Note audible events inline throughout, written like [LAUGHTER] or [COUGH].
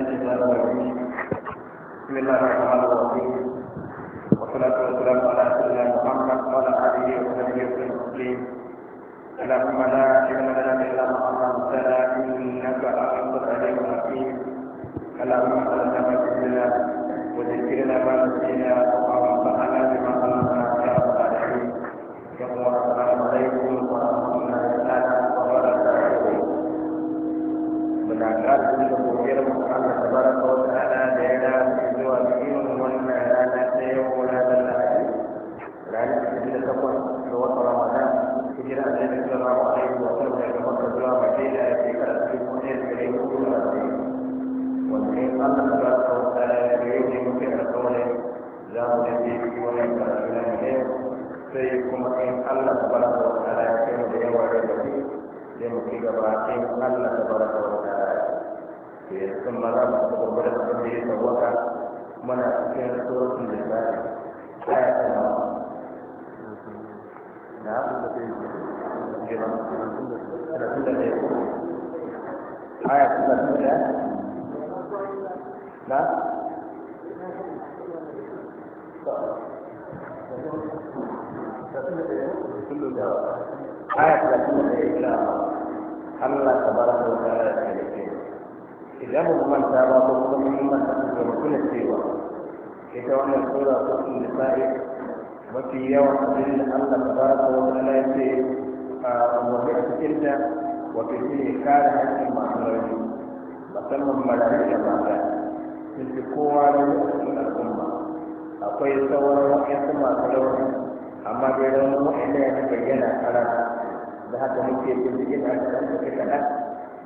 بسم الله الرحمن الرحيم والصلاة والسلام على سيدنا محمد وعلى آله وصحبه وسلم اللهم لا علم لنا إلا ما علمتنا إنك أنت العليم الحكيم اللهم علمنا ما جهلنا وذكرنا ما نسينا وأنفعنا بما علمنا يا رب العالمين يقول السلام عليكم ورحمة الله kakar sun da gobe da Allah subhanahu wa ta'ala daga Makka zuwa Madina dia shekara kepada dubu Allah subhanahu wa ta'ala. to yanzu kan ma za mu taɓa gwada abin da ya sauwaka mana cikin suratun da za ta aya ta nawa na talatin da ɗaya aya talatin da ɗaya na aya talatin Allah tabaraka wa ta'ala idan ba mu manta ba ko kuma mun manta kuma mutuna cewa ita wannan sura ta sa'i mafi yawan abin da Allah tabaraka wa ta'ala ya ce ah, wa bi asirta wa fi ne kare hakkin ma'amalai musamman marayu da mata sun fi kowa da cikin al'umma akwai sauran wa'yansu masu rauni amma dai rauni wa'yanda ya bayyana a rana da haka muke bin jikin da aka ɗan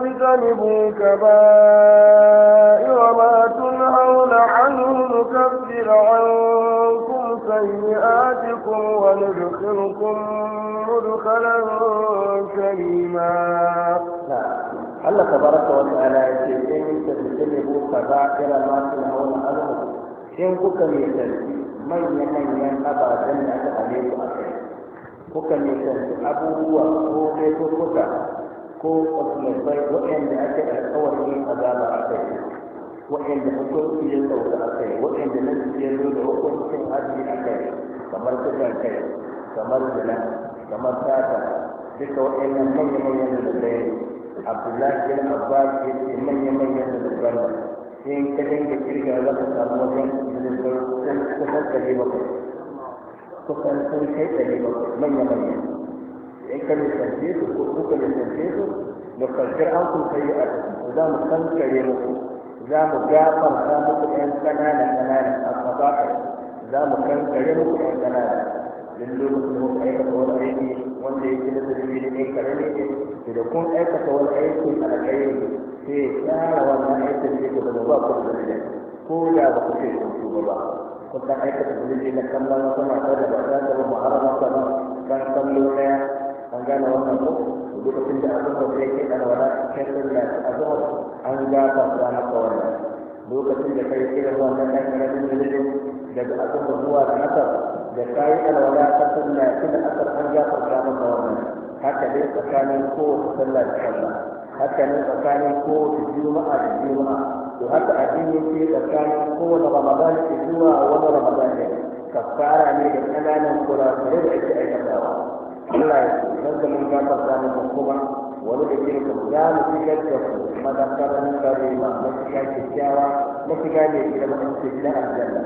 فاجتنبوا كبائر ما تنهون عنه نكفر عنكم سيئاتكم وندخلكم مدخلا كريما الله تبارك وتعالى يقول تجتنبوا كبائر ما تنهون عنه إن كنتم من من أبدا جنة عليه kuka nisanci أبوه ko kai ko kwafiyarbai waɗanda aka yi a zaba a kai waɗanda hukunci ya sauka a kai waɗanda na ya zo da hukuncin haji a kai kamar kusan kai kamar zina kamar tata duka waɗannan manya-manyan da zai abdullahi bin abbas ya ce manya-manyan da zai sai ka dinga kirga za ka samu wajen zai kusan ɗari bakwai kusan sun kai ɗari bakwai manya-manyan in ka nisance su ko kuka nisance su nukantar an kun sayi a za mu kankare muku za mu gafarta muku ɗan ƙanana ƙanana a sabaka za mu kankare muku ɗan ƙanana lullu mutum muku aikata wani aiki wanda yake na zurfi da ɗan ƙarami ne da kun aikata wani aiki a alƙairi sai ya tsara wannan aikin da yake da ba ku da zurfi ko da ba ku ce su ba ba kun aikata zurfi na kallon wata mata da ba za ta ba mu muharramata ba kan kallo ɗaya an gane wannan ko lokacin da azumar da yake da wala kallon da azumar an gaba da haka wannan lokacin da kai irin wannan dan karamin dalilin daga zuwa da asar da kai alwala ta sunna tun asar an gaba da maka wannan haka dai tsakanin kowace sallah da sallah haka ne tsakanin kowace juma'a da juma'a to haka addini ke tsakanin kowace ramadan zuwa wani ramadan ne kafara ne da kananan kurakurai da ake aikatawa Allah wanda mun gafar da mu kuma wani da kira kuma za mu shigar da ku madafara mun kare ma mafiya kyakkyawa mafiya ne idan mun ce gidan aljanna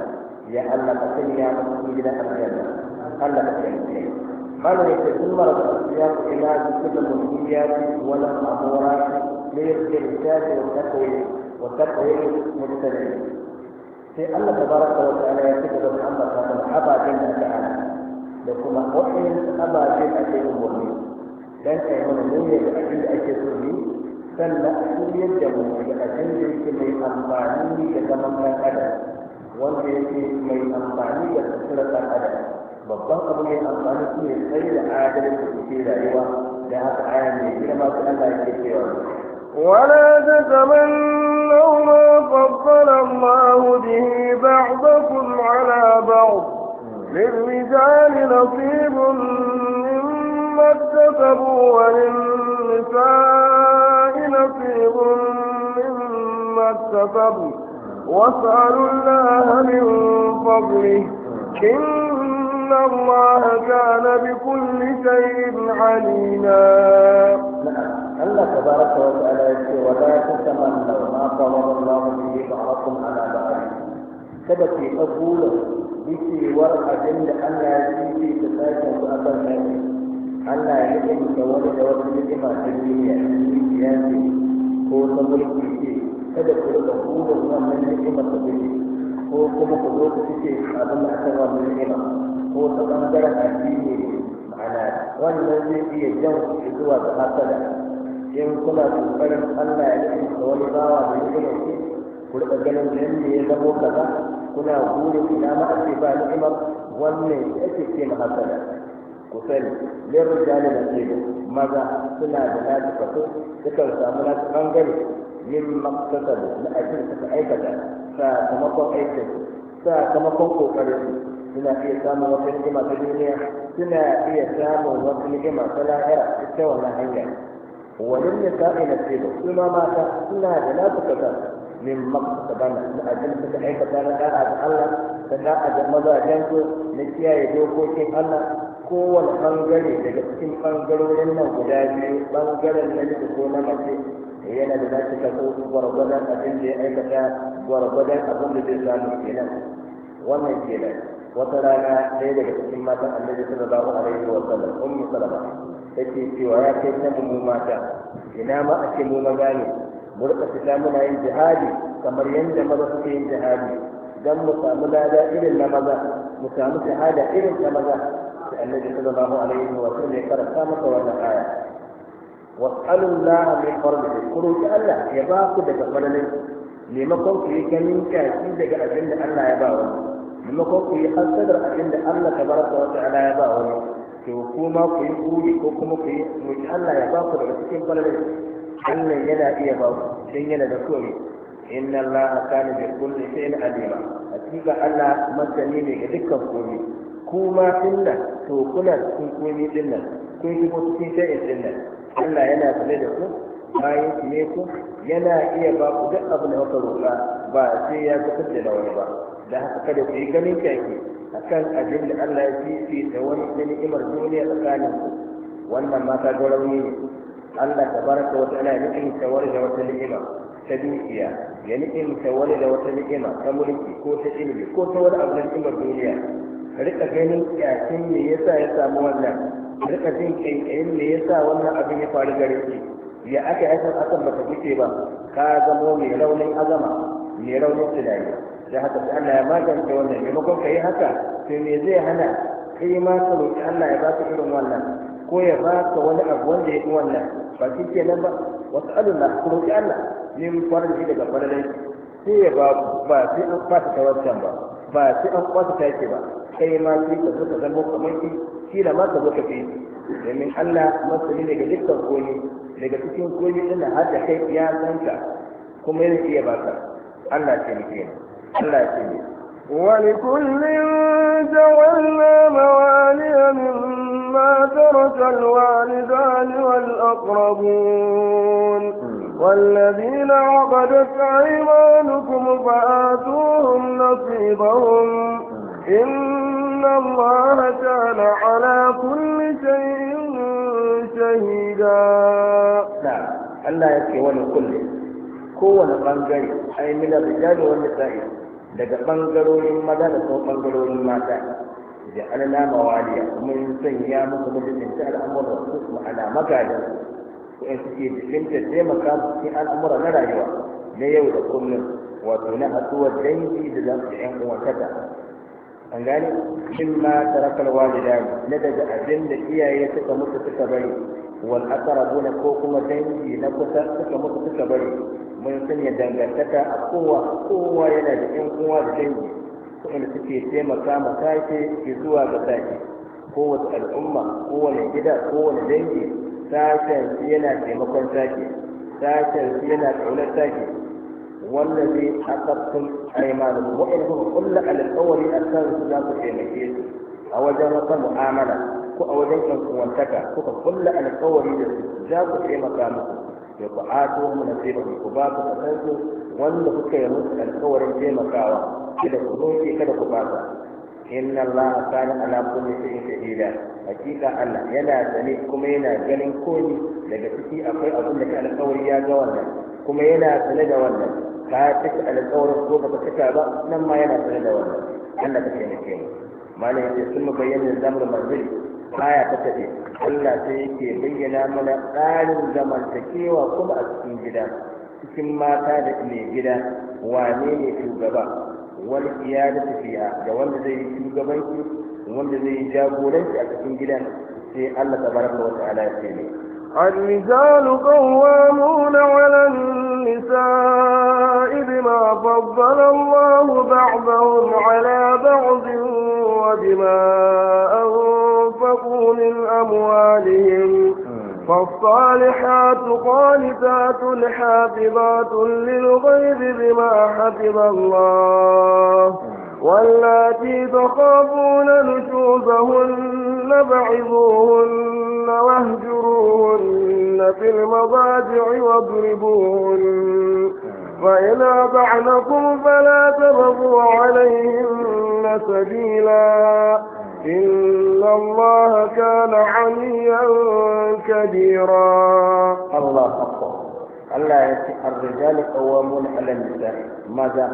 ya Allah ka sanya mu cikin gidan aljanna Allah ka sanya mu قال يتجمر الأسياق إلى كل المنهيات والمأمورات للإرشاد والتقوية وتقوية المجتمعين. في الله تبارك وتعالى يكتب محمد صلى الله عليه وسلم da kuma waɗansu ababe da ake umarni dan kai mana nuni da abin da ake so ne sannan a shiryar da mu da abin da yake mai amfani da zaman ɗan adam wanda yake mai amfani da sutura ɗan adam babban abu mai amfani shi ne sai da adalci da ke rayuwa da haka aya mai girma ta Allah yake cewa ولا تتمنوا ما فضل الله به بعضكم على بعض للرجال نصيب مما اكتسبوا وللنساء نصيب مما اكتسبوا واسألوا الله من فضله إن الله كان بكل شيء عليما الله تبارك وتعالى يقول ولا تتمنوا ما فضل الله به بعضكم على بعض كذا في rikewar abin da Allah ya ce ta sashen su akan sashe Allah ya rike da wani da wata hikima ta duniya ya ce ko ta mulki ce kada ku rika kuma wannan hikimar ta duniya ko kuma ku zo ku fice abin da aka wannan hikima ko ta bangaren addini ma'ana wannan zai iya jan zuwa ga hasada in kuna kokarin Allah ya rike da wani bawa da hikimar ce ku rika ganin da ya zamo kaza kuna burin ina ma ake ba ni'imar wannan ake ce ma hasada ku sani lirin jani da ke maza suna da nasu fasu sukan samu nasu bangare min maktasabu na aikin suka aikata sa sakamakon aikin sakamakon kokarin suna iya samun wata ni'ima ta duniya suna iya samun wata ni'ima ta lahira ta wannan hanya wani ne sa'i na ce ba su ma mata suna da nasu fasu min maka bana na ajin da suka aikata na da'a da Allah da da'a da mazajensu na kiyaye dokokin Allah kowane bangare daga cikin bangarorin nan guda biyu bangaren na ko na mace yana da nashi kaso gwargwadon abin da ya aikata gwargwadon abin da zai samu kenan wannan kenan wata rana ɗaya daga cikin matan annabi sallallahu alaihi wa sallam ummu salama take cewa ya kai ta mu mata ina ma a mu magani ne mu rika fita muna yin jihadi kamar yadda maza suke yin jihadi dan mu samu lada irin na maza mu samu shahada irin ta maza sai annabi sallallahu alaihi wa sallam ya karanta maka wannan aya was'alu llaha min fadlihi ku roki Allah ya ba ku daga fadlin maimakon ku yi ganin kaki daga abin da Allah ya ba wani maimakon ku yi hasadar abin da Allah tabaraka wa ta'ala ya ba wani to kuma ku yi buri ko kuma ku yi roki Allah ya ba ku daga cikin fadlin Allah yana iya ba ku Sun yana da kore inna Allah da bi sai shay'in alima hakika Allah masani ne ga dukkan komai kuma dinna to kuna cikin komai dinnan kun yi ko cikin yin dinnan Allah yana tare da ku bayan ku ne ku yana iya ba ku duk abin da kuka roƙa ba sai ya fitar da wani ba da haka kada ku yi ganin kyaki akan abin da Allah ya fi da wani ni'imar duniya tsakanin wannan ma ta rauni ne Allah tabaraka wa ta'ala ya nufin shawari da wata ni'ima ta dukiya ya nufin wani da wata ni'ima ta mulki ko ta ilimi ko ta wani abu na ni'imar duniya rika ganin kyakin me yasa ya samu wannan rika jin kankanin me yasa wannan abin ya faru gare shi ya aka yi hakan ba ta fice ba ka zamo mai raunin azama mai raunin tunani da haka sai Allah ya magance wannan maimakon ka yi haka Sai me zai hana kai ma ka roƙi Allah ya ba ka irin wannan ko ya ba ka wani abu wanda ya fi wannan ba shi ke nan ba wasu alunna ku roƙi Allah min farin daga farin sai ya ba ku ba sai an fata ta wancan ba ba sai an kwata ta yake ba kai ma sai ka zo ka zama kamar shi shi da ma ka zo ka fi domin Allah masani daga dukkan koli daga cikin koli ɗin har da kai ya san ka kuma yana iya ba ka Allah ce ni ke Allah ce ni ولكل جعلنا موالي مما مما ترك الوالدان والأقربون والذين عقدت أيمانكم فآتوهم نصيبهم إن الله كان على كل شيء شهيدا نعم الله يكفي ولكل kowane ɓangare ai minar من wani sa'i daga ɓangarorin maza da kuma ɓangarorin mata ja'alna mawaliya mun sanya muku majalisin al'amuran su ma'ana magadan wa'in suke jibinta taimaka musu cikin al'amura na rayuwa na yau da kullum wato na haɗuwar dangi da za su ƴan uwantaka an gane shin ma tarakal walidani na daga abin da iyaye suka mutu suka bari wal aqrabuna ko kuma dangi na kusa suka mutu suka bari mun sanya dangantaka a kowa kowa yana da ƴan uwa da dangi waɗanda suke taimaka ma ke zuwa ga taki kowace al'umma kowane gida kowane dangi sashen su yana taimakon taki sashen su yana ƙaunar taki wannan zai akaftun aimanin wa'in kuma kulla alƙawari a kan su za su taimake su a wajen wata mu'amala ko a wajen kankuwantaka kuka kulla alƙawari da su za su taimaka musu ya ku ato mu na ku ba ku su wanda kuka yi musu alkawarin taimakawa kada ku roƙe kada ku fasa inna Allah kana ala kulli shay'in shahida hakika Allah yana sane kuma yana ganin komai. daga ciki akwai abin da ka alkawari ya ga wannan kuma yana sane da wannan ka cika alkawarin ko baka cika ba nan ma yana sane da wannan Allah ka taimake mu malam yace sun mu bayyana zamar manzil Baya ta tafi Allah sai yake bayyana mana tsarin zamantakewa kuma a cikin gida cikin mata da mai gida wane ne shugaba wani iya da tafiya da wanda zai yi shugabanci wanda zai yi jagoranci a cikin gidan sai Allah tabaraka wa ta'ala ya ce ne الرجال قوامون على النساء بما فضل الله بعضهم على بعض وبما أنفقوا من أموالهم فالصالحات قانتات حافظات للغيب بما حفظ الله واللاتي تخافون نشوزهن بعضوهن واهجروهن في المضاجع واضربوهن فإن أبعنكم فلا تبغوا عليهن سبيلا إن الله كان عليا كبيرا الله أكبر الله يأتي الرجال قوامون على النساء ماذا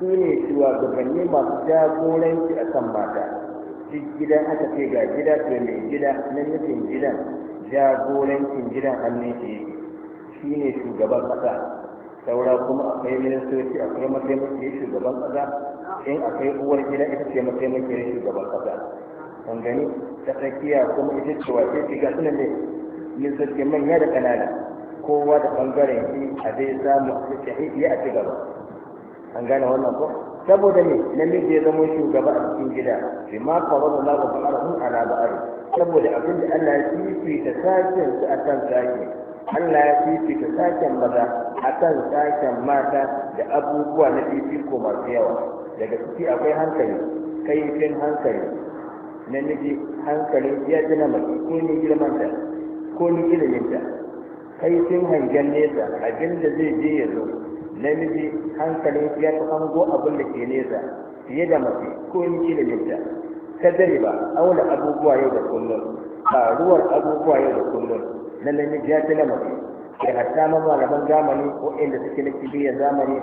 dole cewa gabanni masu jagoranci a kan mata duk gida aka ce ga gida ke gida na nufin gidan jagorancin gidan hannun ne shugaban ƙasa saura kuma akwai ministoci akwai mataimakin shugaban ƙasa in akwai uwar gida ita ce mataimakin shugaban kasa. gangani ta tsakiya kuma ita ce wace ce ga suna ne lissafi manya da ƙanana kowa da ɓangaren shi a zai samu a cikin a ci gaba an gane wannan ko saboda ne namiji ya zama shugaba a cikin gida fi ma faru da lagu ba'arhum saboda abin da Allah ya fifita sashen su akan sashe Allah ya fifita sashen maza akan sashen mata da abubuwa na fifiko masu yawa daga ciki akwai hankali kaifin hankali namiji hankalin ya ji mai ko ni girman da ko ni ilimin da kai sun hangen nesa abin da zai je ya zo namiji hankalin ya fi hango abin da ke nesa fiye da mafi ko ni ilimin ta dare ba auna abubuwa yau da kullum faruwar abubuwa yau da kullum na namiji ya fi mafi. mace da hatta ma malaman zamani ko inda suke na kibiyar zamani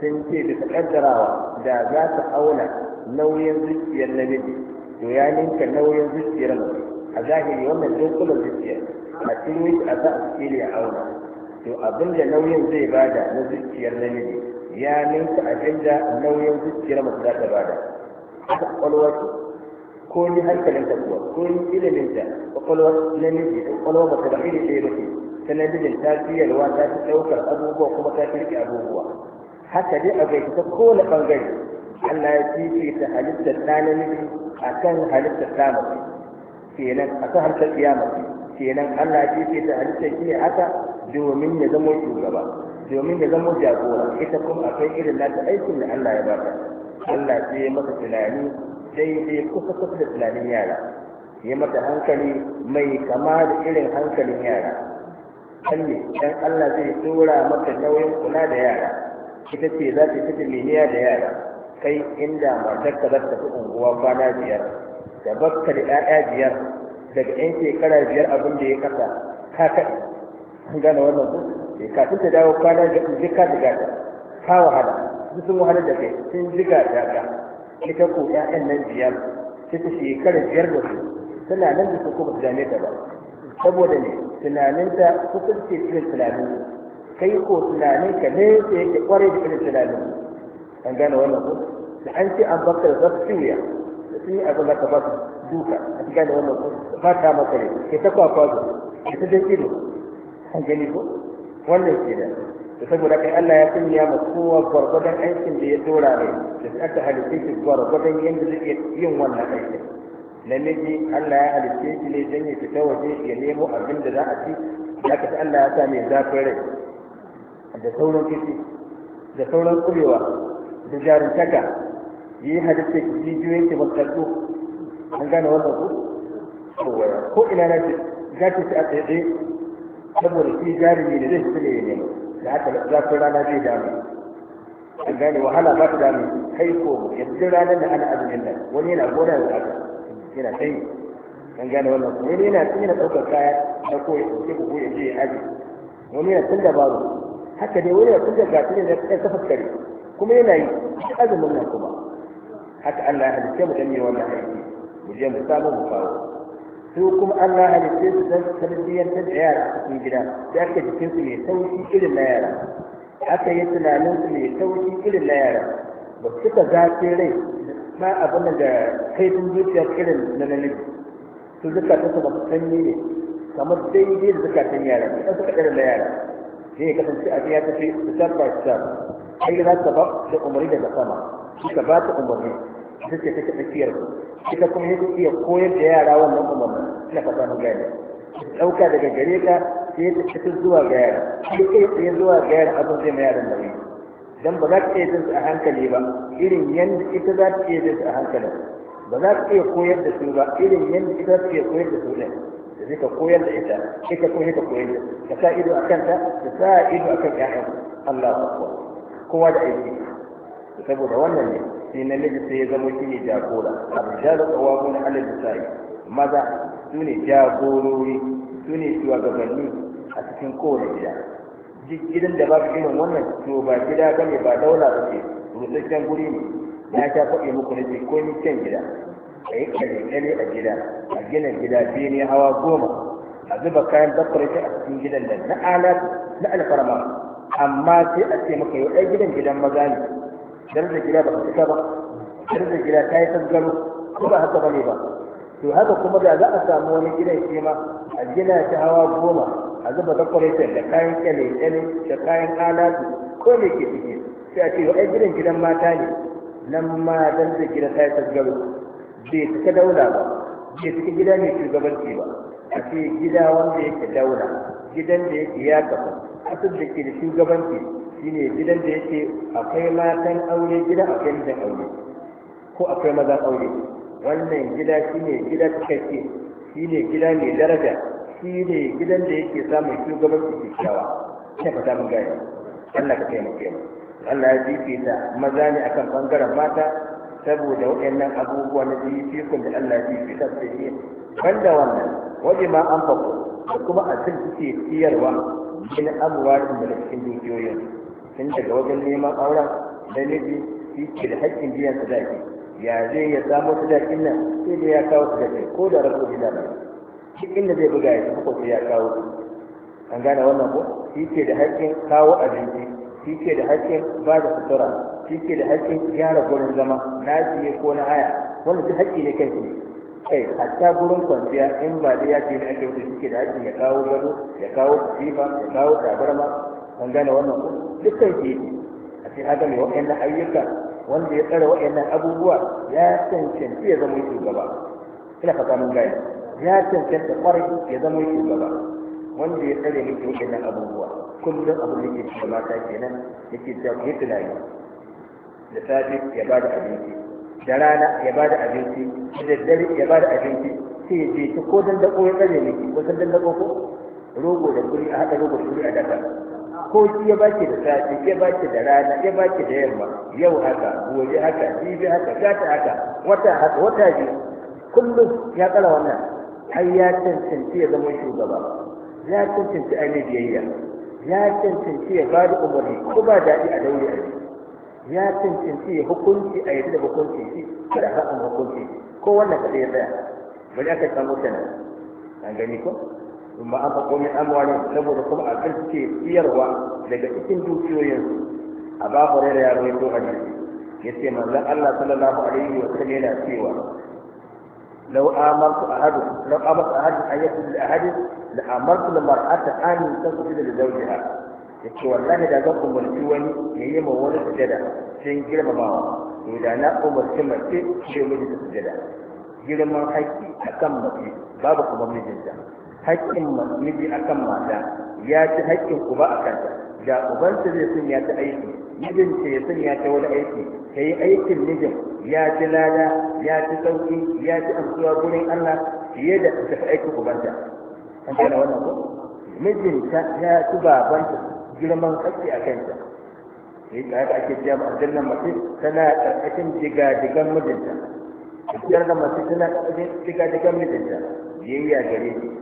sun ce bisa kaddarawa da za ta auna nauyin zuciyar namiji to ya ninka nauyin zuciyar mu a zahiri wannan dokunan zuciyar a cikin a za a cikin ya auna to abin da nauyin zai bada na zuciyar namiji ya ninka a canza nauyin zuciyar mace za ta bada haka kwakwalwarki ko ni hankalin ta kuwa ko ni ilimin ta kwakwalwar namiji ko kwakwalwar mace ba iri ɗaya ba ce ta namijin ta fiyarwa ta fi ɗaukar abubuwa kuma ta fi riƙe abubuwa haka dai a gaisa ta kowane ɓangare Allah ya fifi ta halittar ɗa namiji akan halitta kiyama kenan kan halitta kiyama kenan Allah ya ce ta halittar shi ne domin ya zama shugaba domin ya zama jagora ita kuma akwai irin nata aikin da Allah ya baka Allah ce ya masa tunani daidai kusa kusa da tunanin yara ya mata hankali mai kama da irin hankalin yara kalli dan Allah zai tura maka nauyin kula da yara ita ce za ta fita da yara kai inda matarka za ta fi unguwa kwana biyar da bakka da ɗaya biyar daga 'yan shekara biyar abin da ya kasa ka kaɗi an gane wannan ku sai eh, kafin ta dawo kwana da in jika da gata ka wahala duk sun wahala da kai sun jiga da ka ita ko 'ya'yan nan biyar sai ta shekara biyar da su tana nan da su ko ba su dame ta ba saboda ne tunaninta kusan ce cikin tunanin kai ko tunaninka ne sai yake kware da irin tunanin an gane wannan ku da an ce an baka da zafi siriya da sun yi abin da ka ba su duka a cikin da wannan ba ta maka ne ke ta kwakwa da ke ta jan ido an gani ko wannan ke da da saboda kai Allah ya ya masu kowa gwargwadon aikin da ya dora ne da sai aka halitta shi gwargwadon yadda zai iya yin wannan aikin namiji Allah ya halitta shi ne don ya fita waje ya nemo abin da za a ci ya kaci Allah ya sa mai zafin rai da sauran kici da sauran kurewa da jaruntaka yi halitta jijiyoyin ke bakarɗo an gane wannan ku ko ina na ce za ki ci a tsaye saboda shi jarumi da zai fita ne ne da haka zafin rana zai dame an gane wahala ba ta dami. kai ko yanzu ranar da ana azumin nan wani yana gona da haka yana sai an gane wannan ku wani yana tun yana ɗaukar kaya na ko ya ɗauke ya je ya aji wani yana tun da baro haka dai wani yana tun da gasu ne na kafa kare kuma yana yi azumin nan kuma haka Allah ya halitta mu dan yi wannan aiki mu je mu samu mu kawo su kuma Allah ya halitta su dan tarbiyyar ta da yara a cikin gida da aka jikin su mai sauki irin na yara aka yi tunanin su mai sauki irin na yara ba su ka zafi rai ba abin da kaifin zuciya irin na namiji su zukatan su ba su sanyi ne kamar daidai da zukatan yara idan suka irin na yara sai ya kasance a biya ta fi step by step ai za ta ba da umarni daga sama shi ka ba ta umarni ita ce take tsakiyar su ita kuma yake iya koyar da yara wannan umarni ina fata mu gane ɗauka daga gare ka sai ta fita zuwa ga yara sai kai tsaye zuwa ga yara abin zai ma yaran nauyi dan ba za ka iya jin su a hankali ba irin yanda ita za ta iya jin su a hankali ba za ka iya koyar da su ba irin yanda ita za ta iya koyar da su ne da zai ka koyar da ita sai ka koyar da koyar da ka sa ido a kanta ka sa ido a kan ƴaƴan Allah akbar kowa da aiki saboda wannan ne sai namiji sai ya zama shi ne jagora arjalu qawwamun 'ala nisa'i maza su ne jagorori su ne shugabanni a cikin kowane gida duk gidan da babu irin wannan to ba gida ne ba daula ba ce rusasshen guri ne na ta faɗi muku na ce ko ni can gida a yi kare a gida a gina gida biyu ne hawa goma a zuba kayan dakwarci a cikin gidan nan na alfarma amma sai a ce maka yau ɗaya gidan gidan maza ne darajar gida ba ka cika ba darajar gida ta yi tangaro ko ba haka bane ba to haka kuma da za a samu wani gidan shi ma a gina shi hawa goma a zuba decoration da kayan kyale-kyale da kayan alatu ko me ke ciki sai a ce wa'ai gidan gidan mata ne nan ma darajar gida ta yi tangaro bai cika daula ba bai cika gida mai shugabanci ba a ce gida wanda yake daula gidan da yake ya kafa asir da ke da shugabanci shine gidan da yake akwai matan aure gida akwai mijin aure ko akwai mazan aure wannan gida shine gida cikakke shine gida mai daraja shine gidan da yake samun shugabanci kyakkyawa ta fata mun gaya Allah ka taimake mu Allah ya fifita maza ne akan bangaren mata saboda waɗannan abubuwa na kun da Allah ya ta su ne banda wannan waje ma an fako kuma a cikin ciyarwa min amwalin da cikin dukiyoyin tun daga wajen neman auren da nufi shi ke da haƙƙin biyan sadaki ya zai ya samu sadakin nan sai da ya kawo sadakin ko da rasu bila ba shi inda zai buga ya ci ko ya kawo an gane wannan ko shi ke da haƙƙin kawo abinci shi ke da haƙƙin ba da sutura shi ke da haƙƙin gyara gurin zama na siye ko na haya wannan duk haƙƙi ne kai ne a ta gurin kwanciya in ba da ya ce na ake wuce shi ke da haƙƙin ya kawo gado ya kawo tsifa ya kawo tabarma an gane wannan ko dukkan shi a ce haka mai waɗannan ayyuka wanda ya tsara waɗannan abubuwa ya cancanci ya zama shugaba ina fata mun gane ya cancanta kwarai ya zama shugaba wanda ya tsare miki waɗannan abubuwa kullum abin da yake cikin mata kenan yake cewa ya tunani da safe ya ba da abinci da rana ya ba da abinci da dare ya ba da abinci sai ya je ko dan dako ya tsare miki ko dan dako ko rogo da kuri a haɗa rogo da kuri a daka ko shi ya baki da safe ya baki da rana ya baki da yamma yau haka gobe haka jibi haka gata haka wata haka wata ji kullum ya kala wannan har ya cancanci ya zama shugaba ya cancanci a biyayya ya cancanci ya bada umarni ko ba daɗi a daure a ya cancanci ya hukunci a yadda hukunci shi kada haɗin hukunci ko wannan kaɗai ya tsaya bari aka samu kenan an gani ko ثم أنفقوا من أموالهم saboda kuma a kan suke siyarwa daga cikin dukiyoyinsu a ba hurairu ya rawaito Ya ce manzon Allah sallallahu alaihi wa sallam yana cewa لو آمرت أحد لو آمرت أحد أن يسجد لأحد لأمرت المرأة أن تسجد Ya ce wallahi da zan umarci wani ya yi ma wani sujada sai girmamawa to da na umarci mace ce miji ta sujada girman haƙƙi akan mace babu kuma mijinta haƙƙin a akan mata ya ci haƙƙin uba a kanta da ubansa zai sun ya ta aiki mijin ce ya sun ya ta wani aiki ta yi aikin mijin ya ci lada ya ci sauki ya ci amsuwa gurin allah fiye da ta fi aiki ubanta an gane wannan ko mijinta ya ci babanta girman haƙƙi a kanta sai da haka ake cewa aljannan mace tana ƙarƙashin digadigan mijinta aljannan mace tana ƙarƙashin digadigan mijinta yayya gare shi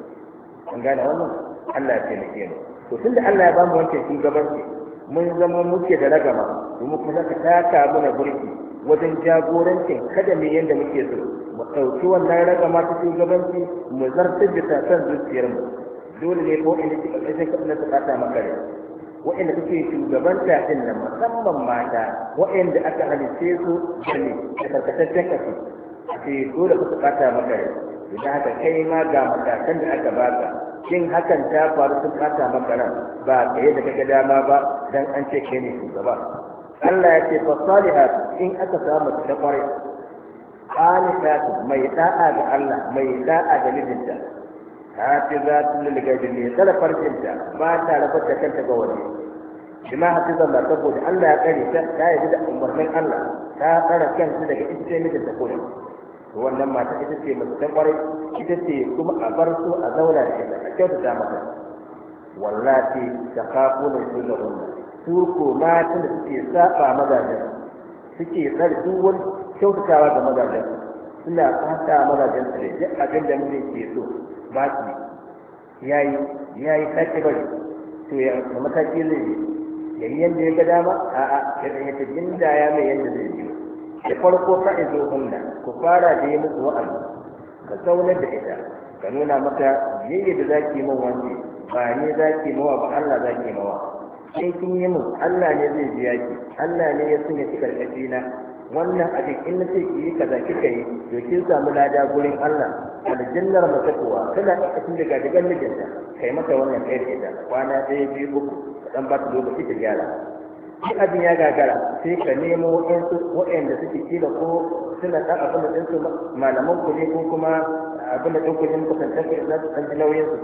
an gane wannan Allah ya taimake mu to tunda Allah ya bamu wancan shugabanci mun zama muke da ragama domin kuma zaka taka mana burki wajen jagorancin kada mu yanda muke so mu ɗauki wannan ragama ta shugabanci mu zartar da tasan mu dole ne ko inda kika kashe kafin ta kata maka rai wa'inda kake shugabanta din nan musamman mata wa'inda aka halice su da ne da karkataccen kasu a ce dole ka kata maka rai idan haka kai ma ga matakan da aka baka kin hakan ta faru sun kasa maka ran ba tsaye da kaga dama ba dan an ce ke ne shugaba Allah ya ce fa salihat in aka samu ta kwarai qanitatu mai da'a ga Allah mai da'a ga mijinta hafizatu lil ghaibi ne tsara farkinta ba ta rabar da kanta ga wani bima hafiza Allah saboda Allah ya kare ta ta yi da umarnin Allah ta tsara kanta daga ita mijinta ko to wannan mata ita ce mace ta kwarai ita ce kuma a bar su a zauna da ita a kyautata mata wallahi ta na su da wannan su ko mata da suke saba mazajen suke tsar duk wani kyautatawa ga mazajen suna fata mazajen su da duk abin da mijin ke so ba su ya yi sake bari to ya mataki zai yi yayin da ya ga dama a'a ya tafi inda ya mai yadda zai biyo da farko ka izo hunna ku fara da yi musu wa'azi ka zaunar da ita ka nuna mata yayi da zaki mun wani ba ne zaki mawa ba Allah zaki mawa sai kin yi mun Allah ne zai biya ki Allah ne ya sanya ki karkashi wannan abin in na ce ki yi kaza kika yi to kin samu lada gurin Allah aljannar mata kuwa tana ƙarƙashin daga digan mijinta kai mata wannan kai da ita kwana ɗaya biyu uku dan ba ta lokaci ta gyara shi abin ya gagara sai ka nemo waɗansu waɗanda suke kila ko suna ɗan abin da ɗinsu malaman ku ne ko kuma abin da ɗinku ne muka tantar ka za su ɗan ji nauyin su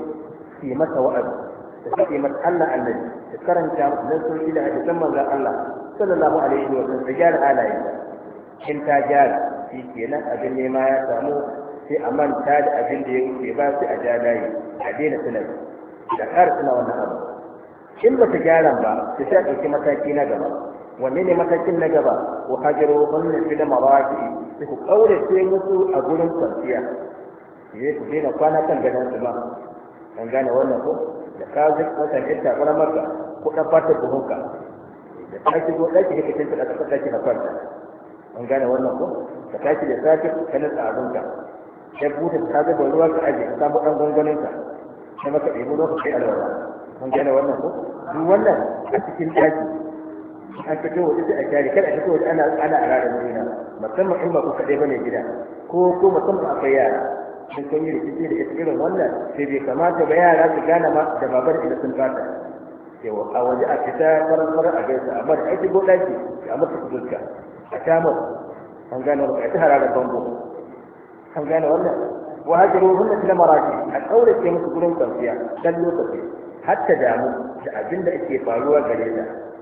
su masa wa'azi da su yi masa Allah annabi da karanta dan sauki da hadisan manzon Allah sallallahu alaihi wa sallam da gyara halaye in ta gyara shi kenan abin nema ya samu sai a manta da abin da ya wuce ba sai a ja layi a daina tunani da ƙara suna wannan abu in ba ta gyara ba ta sha ɗauki mataki na gaba wanne ne matakin na gaba wa wajen wannan fi da mawaki sai ku ƙaure sai musu a gurin kwanciya sai ku daina kwana kan gadon su ba kan gane wannan ko da ka zai kwanta ɗin takura maka ko ɗan fatar buhunka da ka shigo ɗaki ka kacin ta ɗaka ɗaki na kwanta kan gane wannan ko ka tashi da safe ka nutsa abinka sai buta ta zaba ruwa ka aje ka samu ɗan gwangwaninka sai maka ɗebi lokaci alwala an gane wannan ko duk wannan a cikin daji an fito wa duk a share kada a fito wa ana ana a rada murina musamman in ba ku kaɗai bane gida ko ko musamman akwai yara sun kun yi rikici da ita irin wannan sai bai kamata ba yara su gane ma da babar da sun fata yawa a waje a fita farar farar a gaisa amma da ake go ɗaki a masa kudurka a tamar an gane wannan a ta hararar bango an gane wannan wa hajjaru hunna fil maraki a kaurace musu gurin kwanciya dan lokaci Hatta ta damu da abin da ake faruwa gare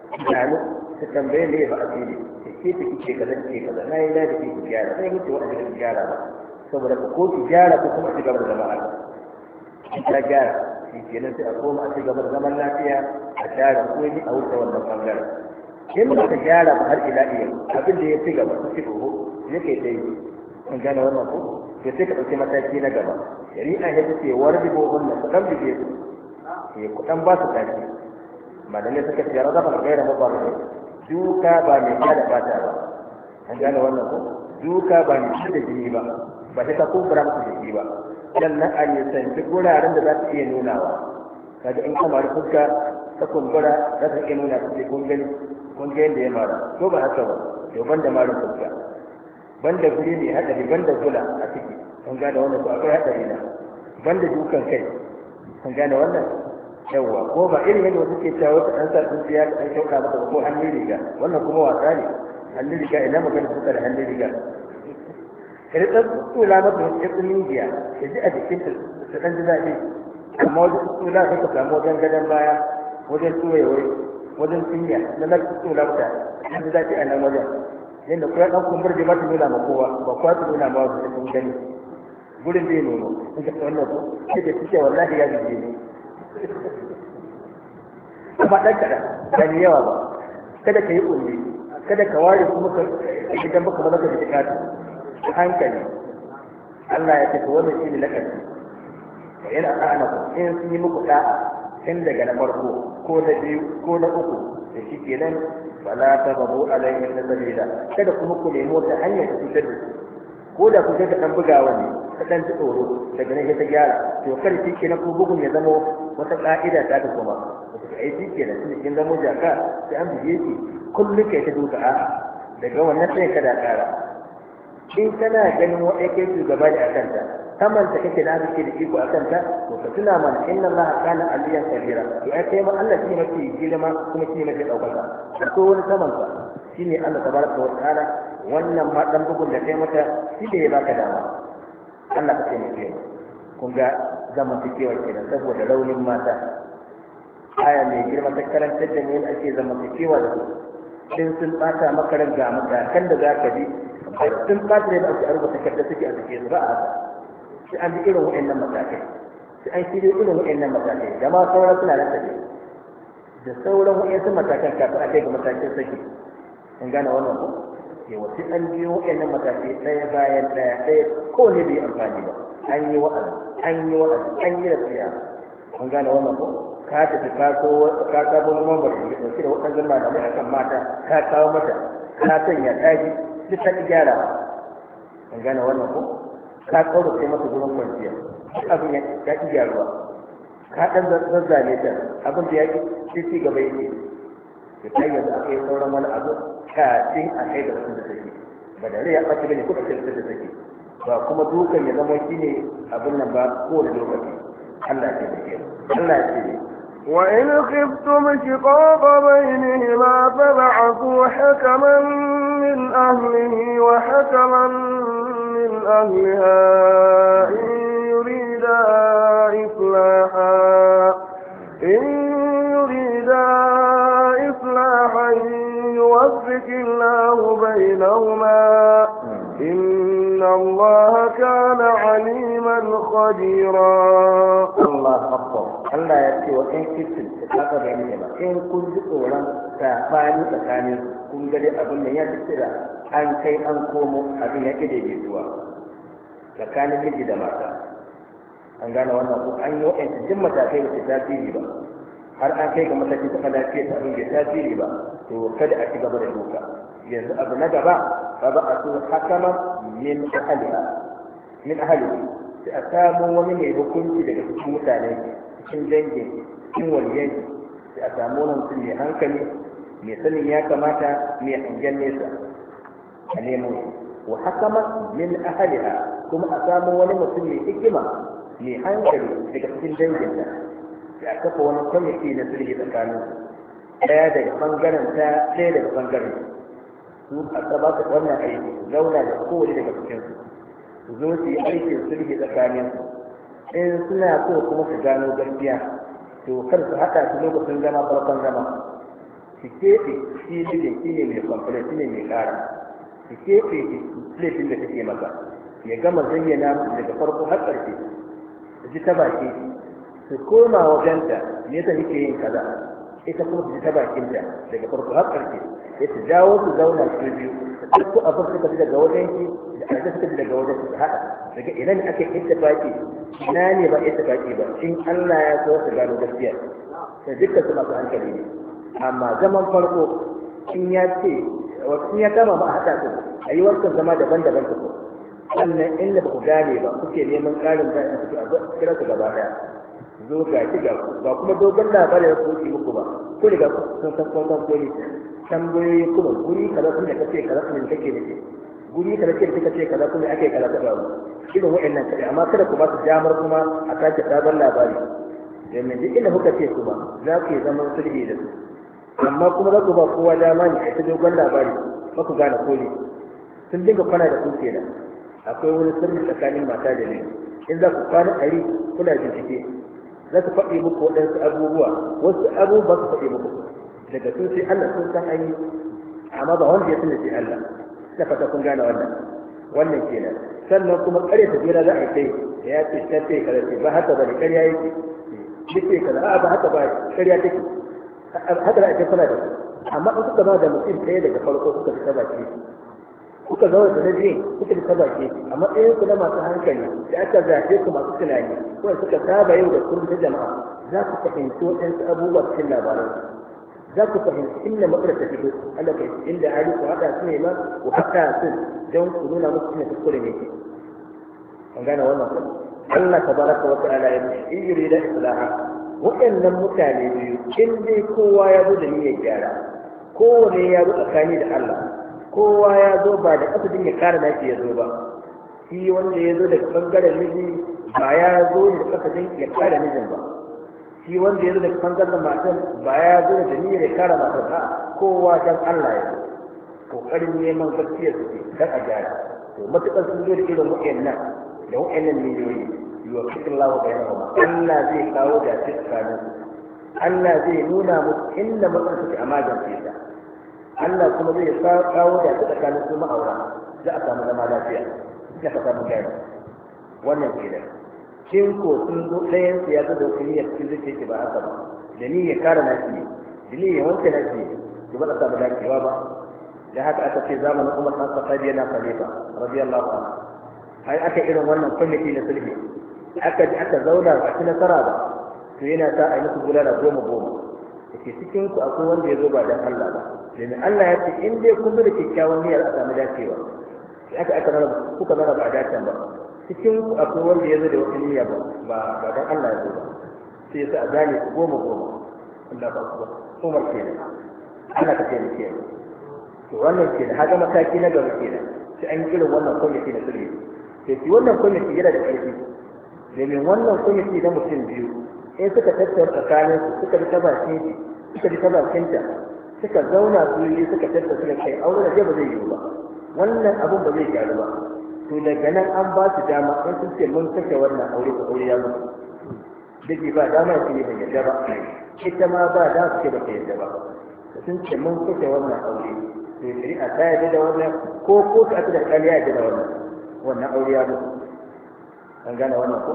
ta damu su tambaye ne ba a asiri ta ke ta kike kaza kike kaza na yi da kike gyara sai mutu wa abin gyara ba saboda ko ki gyara ko kuma ki gaba da zama a ta gyara shi kenan sai a koma a ci gaba da zaman lafiya a gyara ko ni a wuce wannan bangaren in ba ta gyara ba har ila iya abin da ya ci gaba ta ci ko yake dai kun gane wannan ko sai ka ɗauki mataki na gaba yari a ya ce warbi ko wannan ka ɗan bige su ya eh, kudan ba su tashi malamai suka ce raza ba gaira mabarri duka ba mai da bata ba an gane wannan ko duka ba mai da jini ba ba ta ta kumbura musu jini ba sannan san duk wuraren da za su iya nunawa Kada in kama da fuska ta kumbura za su iya nuna su ce kun gani kun yadda ya mara ko ba haka ba to ban da marin fuska ban da guri mai haɗari ban da gula a ciki kun gane wannan ko akwai haɗari na ban da dukan kai kun gane wannan yawa ko ba irin yadda wasu ke cewa wata ɗan sa tsintsiya ka ɗan kyauta mata ko hannun riga wannan kuma wasa ne hannun riga ina magana suka da hannun riga ka riƙa tsula mata wasu ya tsumigiya ka ji a jikin ta ɗan ji daɗi amma wajen tsula ka ka samu wajen gadon baya wajen tsoye wai wajen tsinya na na tsula mata ɗan ji daɗi a nan wajen yadda kuma ɗan kumbar ji ba ta nuna ma kowa ba kowa ta nuna ma wasu ɗan gani gurin bai nono in ka tsawon nan ko sai da suke wallahi ya ne kuma ɗan kaɗan ba ne yawa ba kada ka yi ƙulli kada ka ware kuma ka idan baka ba zaka ji kati hankali Allah ya tafi wannan shi ne ka yi yana ana ku in sun yi muku ɗa tun daga na farko ko na biyu ko na uku da shi kenan wala tababu alaihim na sabila kada kuma ku nemo ta hanyar da cutar da su ko da kuka ta dan bugawa ne ɗan dan tsoro daga nan ta gyara to kar shi na ku bugun ya zama wata ka'ida ta ta koma wata ka aiki ke da cikin kin zamo jaka sai an buge ki kullum kai ta duka a daga wannan sai da kara in kana ganin wani kai shugaba da akan ta ta kake da kake da iko a kanta, to ka tuna mana inna Allah kana aliyan kabira to ai kai ma Allah shi mafi girma kuma shi mafi daukaka ko wani saman ka shine Allah tabaraka wa ta'ala wannan ma dan bugun da kai mata shi ne ka baka dama Allah ka taimake mu kun ga zamantakewa kenan saboda raunin mata aya mai girma ta karantar da ne ake zamantakewa da sun sun bata makaran ga matakan da za ka bi sun bata da ake arba takarda suke a cikin ba a sai an bi irin wa'annan matakai sai an shirya irin wa'annan matakai da ma sauran suna da tafi da sauran wa'ansu matakan kafin a kai ga matakin sake in gane wannan ko yawa sai an biyo wa'annan matakai ɗaya bayan ɗaya ɗaya ne bai amfani ba an yi wa'azi an yi wa'azi an yi nasiha an gane wannan ko ka tafi ka ko ka ka bon mun ba ki dauki da mai malamai akan mata ka kawo mata ka sanya daji duk ta gyara an gane wannan ko ka kawo kai masa gurin kwanciya abin ya gyara gyaruwa ka dan zazzale ta abin da ya shi ci gaba yake da kai yanzu akai sauran wani abu ka kafin a kai da da take ba da rai ya ɓaci bane ko kai da take ba kuma dukan ya zama shine abin nan ba ko da lokaci Allah ya ce Allah ya ce وإن خفتم شقاق بينهما فبعثوا حكما من أهله وحكما من أهلها إن يريدا إصلاحا إن يريدا إصلاحا يوفق الله بينهما إن الله كان عليما خبيرا الله أكبر الله يأتي وإن كنت هذا بعلم إن كنت أولا تفاني تفاني كنت لي أبن يكسر أن كي أنكم أبن يكدي بيتوا لكان يجد ماتا an gane wannan ko an yi wa'yansu jin matakai ba su tasiri ba har an kai ga mataki ta lafiya ta abin bai tasiri ba to kada a ci gaba da doka yanzu abu na gaba فبعثوا حكما من أهلها من أهله سأساموا ومن يبكون في ذلك المتالي cikin dangin cikin waliyan sai a samu wani mutum mai hankali mai sanin ya kamata mai hangen nesa a nemo shi wa hakama min ahliha kuma a samu wani mutum mai hikima mai hankali daga cikin dangin ta sai a kafa wani kwamiti na sulhi tsakanin daya daga bangaren ta ɗaya daga ɓangaren. su aka ba su wannan aiki zauna da kowane daga cikin su zo su yi aikin sulhi tsakanin su in suna so kuma su gano gaskiya to kar su haɗa su lokacin zama farkon zama su keɓe shi ne shi ne mai kwamfani shi ne mai ƙara su keɓe laifin da take maka ya gama zayyana daga farko har ƙarshe ji ta baki su koma wajenta me yasa nake yin kaza ita kuma su ta bakin ta daga farko har ƙarshe ya ta jawo su zauna su biyu duk abin suka ji daga wajen ki, da arziki suka ji daga wajen su haɗa daga ina ne ake baki. ina ne ba baki ba shin Allah ya so su gano gaskiya da dukkan su masu hankali ne amma zaman farko in ya ce wasu ya gama ba a haɗa su a yi wancan zama daban-daban su sannan inda ba ku gane ba kuke neman ƙarin bayan su a kira su gaba ɗaya zo ga ki ga ku ba kuma dogon labarin ya koki muku ba ko daga sun san kun san ko ne tambayoyi kuma guri kaza kun da kace kaza kun take ne guri kaza ce kika ce kaza kun ake kaza kaza irin wa'annan kaɗai amma kada ku ba su damar kuma a sake sabon labari domin duk inda kuka ce kuma za ku yi zaman sulhi da su amma kuma za ku ba kowa dama ne a ta dogon labari ba ku gane ko sun dinga kwana da kuke da akwai wani sirri tsakanin mata da ne in za ku kwana a ɗari kuna bincike na su faɗi muku waɗansu abubuwa wasu abubuwa su faɗi muku daga sun sai Allah sun san an yi amma ba wanda ya sani sai Allah na fata kun gane wannan wannan kenan sannan kuma ƙarya ta jira za a kai da ya ce ta ce kada ce ba haka ba ne ƙarya yake ce kada a'a ba haka ba ƙarya take haka da ake kula da su amma in suka ba da mutum ɗaya daga farko suka fita baki kuka zama da nabi kuka ta baki a matsayin ku na masu hankali da aka zaɓe ku masu tunani wanda suka saba yau da kullum da jama'a za ku fahimci waɗansu abubuwa cikin labaran za ku fahimci inda matsalar ta fito Allah ka inda hali ku haɗa su ne ma ku haɗa su don ku nuna musu cikin kuskure ne ke an gane wannan ku Allah ta baraka wa ta'ala ya ce in yuri da islaha waɗannan mutane biyu in dai kowa ya zo da niyyar gyara kowane ya zo tsakani da Allah kowa ya zo ba da kasafin ya kara nashi ya zo ba shi wanda ya zo daga ɓangaren miji ba ya zo da kasafin ya kara mijin ba shi wanda ya zo daga ɓangaren matan ba ya zo da jami'ar ya kara matan ba kowa can Allah ya zo Ƙoƙarin neman gaskiya su ke dan a gyara to matuƙar sun zo da irin nan, da ne miliyoyi yiwa cikin lawa bayan Allah zai kawo da cikin Allah zai nuna musu inda matsan suke a magance ta Allah kuma zai kawo da ta tsakanin su ma'aura za a samu zama lafiya ita ka samu gani wannan kenan kin ko sun zo ɗayan su ya zo da wani ya cikin zuciya ke ba haka ba da ni ya kare naki ne da ni ya wanke naki ne to ba ta samu dacewa ba da haka aka ce zamanin Umar ɗan Khattabi yana khalifa radiyallahu anhu har aka irin wannan kwamiti na sulhi aka ji aka zauna a ci nasara ba to yana sa a yi musu gudana goma goma da ke cikin ku akwai wanda ya zo ba dan Allah ba domin Allah ya ce in dai kun da kyakkyawan niyyar a samu dacewa sai aka aka mana kuka mana ba a dacen ba cikin ku akwai wanda ya zo da wata niyya ba ba ba dan Allah ya zo ba sai ya sa a gane ku goma goma Allah ba ku ba umar kenan Allah ka taimake mu to wannan kenan haka mataki na gaba ke nan. sai an kira wannan kwamiti na sulhu sai shi wannan kwamiti yana da ƙarfi domin wannan kwamiti na mutum biyu in suka tattara tsakaninsu suka bi ta bakin suka bi ta bakinta suka zauna su yi suka tattara suka kai auren da ba zai yiwu ba wannan abun ba zai gyaru ba to daga nan an ba su dama an sun ce mun kashe wannan aure ko aure ya mutu duk ba dama su yi ban yadda ba ita ma ba da su ce ba ta yadda ba sun ce mun kashe wannan aure to a ta yadda da wannan ko ko ta aka da kali ya yadda da wannan wannan aure ya mutu an gane wannan ko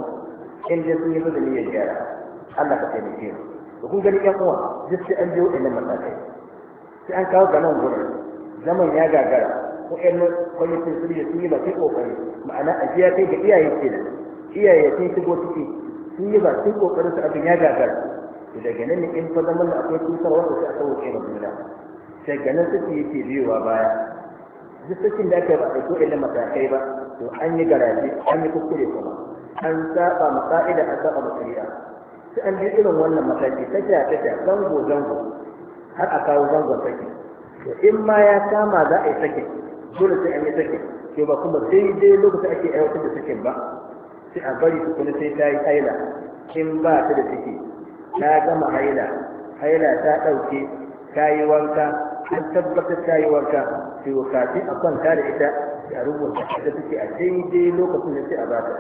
in dai sun yi ba da niyyar gyara Allah ka taimake mu to kun gani ƴan uwa duk sai an je waɗannan matakai sai an kawo ganin nan gurin zaman ya gagara ko ƴan kwamitin sun yi sun yi bakin ƙoƙari ma'ana ajiya kai ga iyaye kenan iyaye sun shigo ciki sun yi bakin ƙoƙarin su abin ya gagara to daga nan ne in fa zaman da akwai cutar wanda sai a kawo kai ma juna sai ganin suke yake biyowa baya duk sakin da aka yi ba a ko illa matakai ba to an yi garaje an yi kuskure kuma an saba ma ka'ida an saba ma shari'a sai an bi irin wannan mataki tasha tasha zango zango har a kawo zangon saki to in ma ya kama za a yi sakin dole sai an yi sakin to ba kuma sai dai lokacin ake aiwatar da sakin ba sai a bari su kuma sai ta yi haila in ba ta da take ta gama haila haila ta ɗauke ta yi wanka an tabbatar ta yi wanka sai kafin a kwanta da ita a rubuta da take a daidai lokacin da sai a bata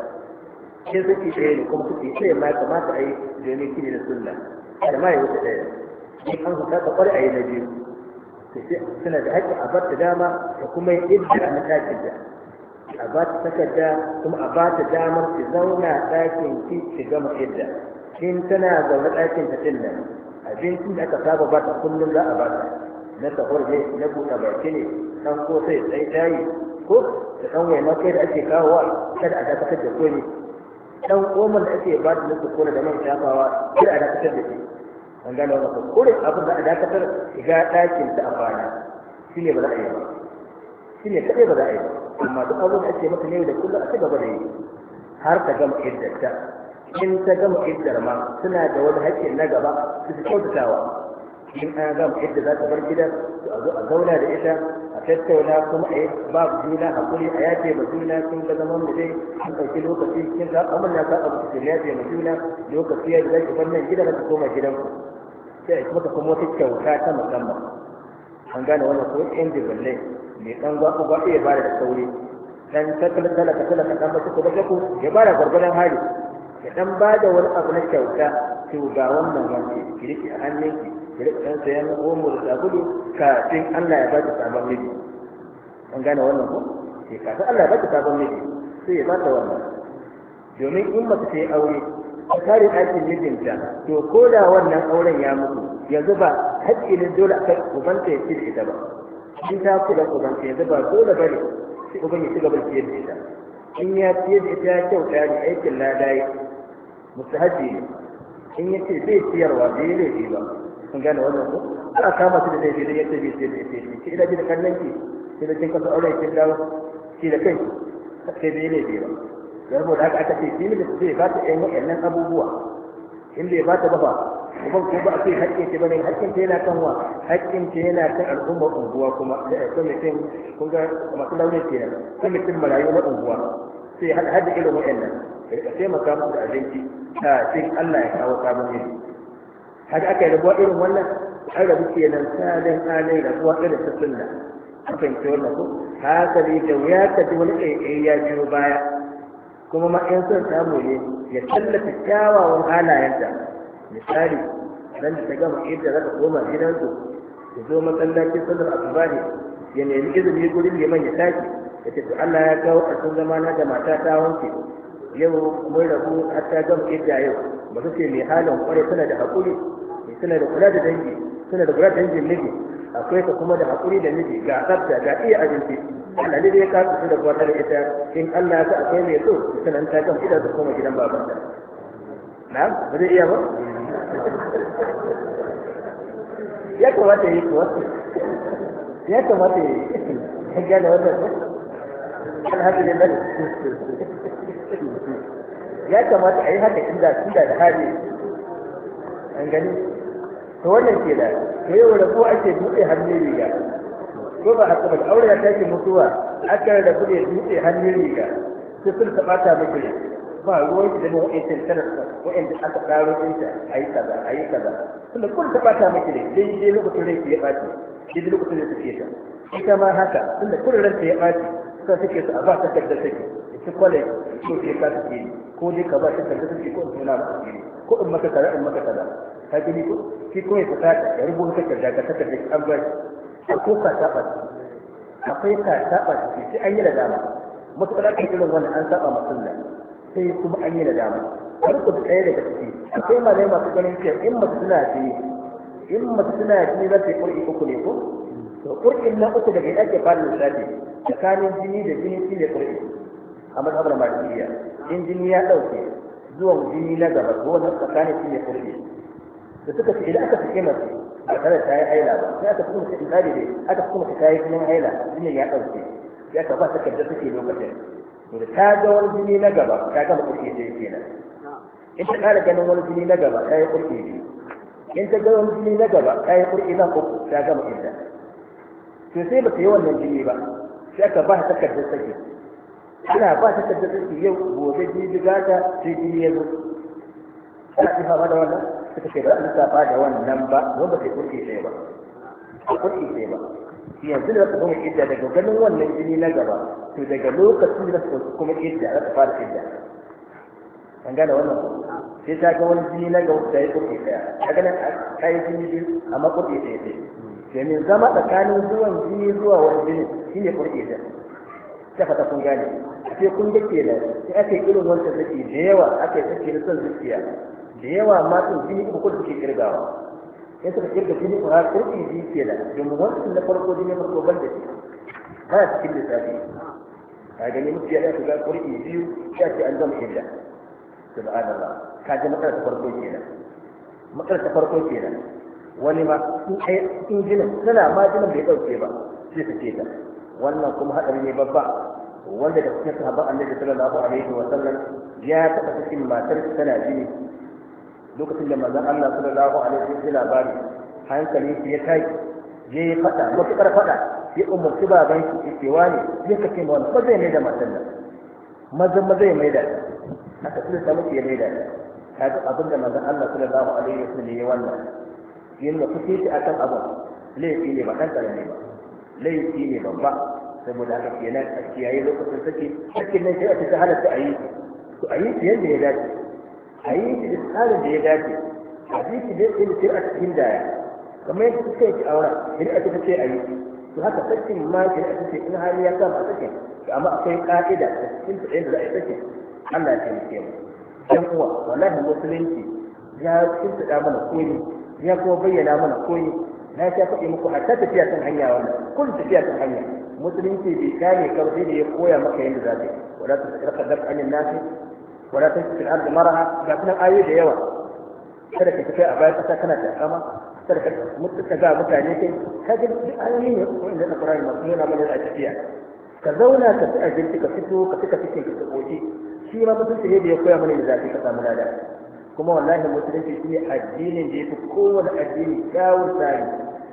ke suke ɗaya ne kuma suke ɗaya ma kamata a yi domin kiri da sunna da ma ya wuce ɗaya in an haka ta kware a yi na biyu suna da haƙƙi a bar ta dama da kuma yi yin da a matakin da a ba ta takarda kuma a ba ta damar ta zauna ɗakin ki ki gama idda Shin tana zaune ɗakin ta ɗin nan abincin da aka saba ba ta kullum za a ba ta na sahur ne na buɗe baki ne ɗan ko sai tsaye tayi ko da ɗan waina kai da ake kawo wa kada a dakatar da komi ɗan oman da ake ba ta na kula da man shafawa kada a dakatar da shi an gane wannan ko kurin abin da a dakatar ga ɗakin ta a baya shi ne ba za a yi ba shi ne kaɗai ba za a yi ba amma duk abin da ake mata ne da kullum a ci gaba da yi har ta gama iddarta in ta gama iddar ma suna da wani haƙƙi na gaba su fi kyautatawa in an gama idda za ta bar gida to a zo a zauna da ita a tattauna kuma a ba juna hakuri a yafe ma juna sun ga zaman mu dai an ɗauki lokaci kin ga amin na ka abu su yafe ma juna lokaci ya da zaki bar nan gidan ka koma gidan ku sai a maka kuma wata kyauta ta musamman an gane wannan ko yan jibirai mai dan zaɓu ba iya bada da sauri dan tattalin talaka talaka dan ba suka daga ku ya bada gwargwadon hali ya dan bada wani abu na kyauta to ga wannan wani ki rike a hannun ki rike ɗan sayan omo da sabulu kafin Allah ya ba ki sabon miji an gane wannan ko sai kafin Allah ya ba ki sabon miji sai ya ba ta wannan domin in mace ta yi aure ta kare ɗakin mijinta to ko da wannan auren ya mutu yanzu ba haƙƙi ne dole a kan ubanta ya ci da ita ba in ta kula ubanta yanzu ba dole ba ne sai uban ya ci gaba ciyar da ita in ya ciyar da ita kyauta ne aikin ladayi mustahaji ne in ya ce zai ciyarwa bai yi laifi ba kun gane wannan ko ana kama su da laifi da yadda bai ciyar da ita ce ina ji da kallon ki sai da kin kasa auren kin dawo ki da kai, sai bai yi laifi ba saboda haka aka ce shi ne zai ba ta ɗayan waɗannan abubuwa in bai ba ta ba ba kuma ko ba a ce haƙƙin ta bane haƙƙin ta yana kan wa haƙƙin ta yana kan al'ummar unguwa kuma kwamitin kun ga masu launin ke nan kwamitin marayu na unguwa sai haɗa haɗa irin waɗannan ka taimaka musu da abinci ta cikin Allah ya kawo sabon yanayi haka aka yi rabuwa irin wannan an rabu kenan salin alai rabuwa irin ta sunna an fahimci wannan ko haka ne da wuya ka ji wani ƙaiƙayi ya biyo baya kuma ma in son samu ne ya tallata kyawawan halayenta misali nan da ta gama yadda za ka koma gidansu ya zo masallacin sallar asuba ne ya nemi izini gurin liman ya taki ya ce Allah ya kawo zama na da mata ta wanke yau mun rabu har ta gama yadda yau ba su ce mai halin kwarai suna da haƙuri suna da kula da dangi suna da kula da dangin miji akwai ka kuma da hakuri da miji ga tsafta ga iya abinci Allah ne dai ka su da gwanar ita in Allah ta akwai mai so sanan ta kan fita da kuma gidan baban ta na'am ba zai iya ba [LAUGHS] ya kamata yi ko ya kamata yi ya gane wannan alhamdulillah [LAUGHS] ya kamata a yi haka inda inda da hali an gani to wannan ke da to yau da ko ake dutse hannun riga ko ba haka ba aure ya take mutuwa aka da kuɗi dutse hannun riga sai sun taɓa ta miki ba ruwan da mu wa'in tantar wa'in da aka tsaro ɗinta a yi kaza a yi kaza Sun kun taɓa ta miki ne dai dai lokacin da ya ɓaci dai dai lokacin da suke ta ita ma haka tunda kun ranta ya ɓaci sai suke su a ba takardar take ita kwale ko ke ka take ko dai ka ba takardar take ko in tona maka ko in maka kaza in maka kaza ka gani ko shi kuma ya saka ya rubuta takarda ka takarda an A ko ka saba akwai ka saba Ki sai an yi da dama mutum da kake irin wannan an saba ma sunna sai kuma an yi da dama farko da ɗaya daga ciki akwai malai masu ganin cewa in mace suna ji in mace suna ji za ta yi ƙur'i uku ne ko to ƙur'in na uku daga ake fara lissafi tsakanin jini da jini shi ne ƙur'i a mazhabar malikiya in jini ya ɗauke zuwan jini na gaba ko na tsakanin shi ne ƙur'i da suka ce idan aka fice mace ba tare da ta yi haila ba sai aka fice mace ibadi ne aka fice mace ta yi jinin haila jinin ya ɗauke ya ka ba takardar take lokacin da ta ga wani jini na gaba ta gama ƙarfi da yake kenan, in ta ƙara ganin wani jini na gaba ta yi ƙarfi biyu in ta ga wani jini na gaba ta yi ƙarfi na uku ta gama idda to sai ba ta yi wannan jini ba sai aka ba takardar take ana ba takardar take yau gobe jini gata sai jini ya zo ana ifa ba da wannan suka ce ba su lissafa da wannan ba wanda kai kurki sai ba a kurki sai ba yanzu da kuma idda daga ganin wannan jini na gaba to daga lokacin da su kuma idda za ta fara idda an gane wannan sai ta ga wani jini na gaba da ya kurki sai ta ganin ta yi jini biyu amma kurki sai sai domin zama tsakanin zuwan jini zuwa wani jini shine kurki sai ta fata kun gane sai kun dake da sai ake irin wancan zaki da yawa ake tsakiyar son zuciya da yawa matan jini uku da suke kirgawa Ya suka kirga jini uku har kurki biyu ke da domin wancan na farko jini farko ban da shi ba a cikin lissafi a gani mutu ya ɗaya ga kurki biyu ya ce an zama illa subhanallah ka ji matsalar ta farko ke nan matsalar ta farko ke nan wani ma in jinin tana ma jinin bai ɗauke ba sai su ce ta wannan kuma haɗari ne babba wanda da cikin sahabban annabi sallallahu alaihi wa sallam ya taɓa cikin matar tana jini lokacin da manzon Allah sallallahu alaihi wasallam labari hankali shi ya kai je ya fada matukar fada ya umarci baban shi ya cewa ne ya kace ma wani zai mai da matan nan mazan maza ya mai da haka sun samu ya mai da kaga abin da manzon Allah sallallahu alaihi wasallam ya wannan yin da kuke shi akan abu? laifi ne ba kan karami ba laifi ne babba saboda haka kenan a kiyaye lokacin sake sakin nan sai a ta halatta a yi to a yi yadda ya dace a yi shi tsarin da ya dace a ji shi da ilimi a cikin daya kamar yadda suka yi aura shari'a ta ce a yi to haka sakin ma ke a ce in hali ya kama sakin amma akwai ka'ida a cikin da yadda za a yi sakin Allah ya taimake mu dan uwa wallahi musulunci ya tuntuɗa mana koyi ya kuma bayyana mana koyi na ta faɗi muku hatta tafiya kan hanya wannan kun tafiya kan hanya musulunci bai kare ka da ya koya maka yadda za ka yi wala ta tsarka da kanin nasi Wana ta fi al'adu maraha ga sunan ayoyi da yawa kada ka tafi a bayan kasa kana takama kada ka mutuka ga mutane ka ga duk ayoyi ne wanda na Qur'ani masu nuna mana da tafiya ka zauna ka fi abinci ka fito ka fika cikin ka tsoki shi ma mutunci ne da ya koya mana da zafi ka samu lada kuma wallahi musulunci shi ne addinin da ya fi kowane addini kyawun tsari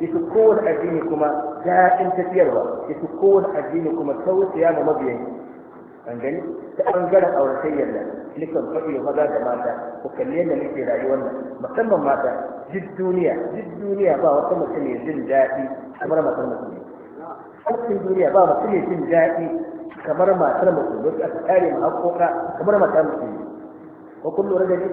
ya fi kowane addini kuma daɗin tafiyarwa ya fi addini kuma tausaya ma mabiyan an gani ta ɓangaren auratayyar nan nikan faɗi maza da mata ku kalli yadda muke rayuwar nan musamman mata duk duniya duk duniya ba wata mutum ne jin daɗi kamar matar mutum ne duniya ba mutum ne jin daɗi kamar matar mutum ne a tsare mu haƙoƙa kamar matar mutum ne ko kun lura da ni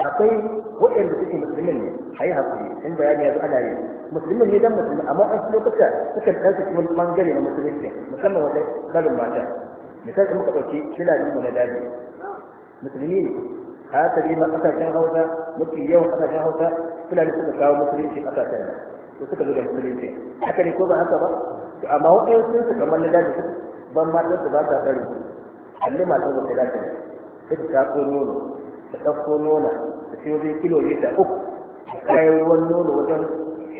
akwai waɗanda suke musulmin ne a haƙuri in bayani yanzu ana yi musulmin ne dan musulmi amma an su lokuta suka ɓangare na musamman barin mata misali muka ɗauki filayen mu na daji musulmi ne hasali ma kasashen hausa mafi yawan kasashen hausa fulani suka kawo musulunci kasashen nan su suka zo da musulunci haka ne ko ba haka ba to amma waɗansu su kamar na daji ban ma su ba sa tsari alli ma su ba su dace suka kaso nono ta ɗauko nona ta siyo zai kilo lita uku ta kayan ruwan nono wajen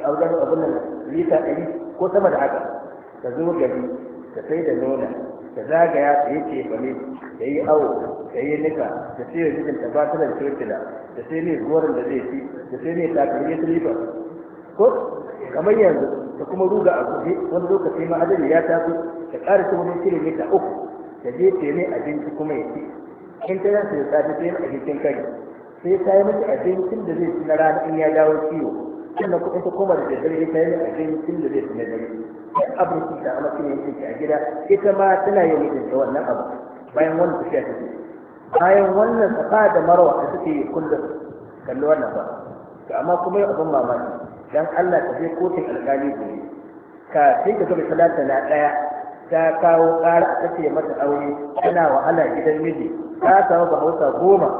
a wajen abin nan lita ɗari ko sama da haka ta zo gari ta sai da nona ta zagaya ta yi tefane ta yi awo ta yi nika ta sai jikin ta batalar kirkila ta sai ne goron da zai ci ta sai ne ta silifa ko kamar yanzu ta kuma ruga a kuje wani lokaci ma adali ya taso ta ƙara ta wani kilomita uku ta je ta ne abinci kuma ya ci in ta yansu da tsafi sai abincin kari sai ta yi mata abincin da zai ci na rana in ya dawo ciwo sannan kuɗin ta koma da daddare ya kayan abincin da zai fi na dare sai abinci da amma kina yin a gida ita ma tana yin mijin ta wannan abu bayan wannan tafiya take bayan wannan safa da marawa, da suke yi kullum kalli wannan ba to amma kuma yi abin mamaki dan Allah ta je kotun alƙali Ka kafin ka gaba salata na ɗaya ta kawo ƙara a kace mata aure tana wahala gidan miji ta samu bahausa goma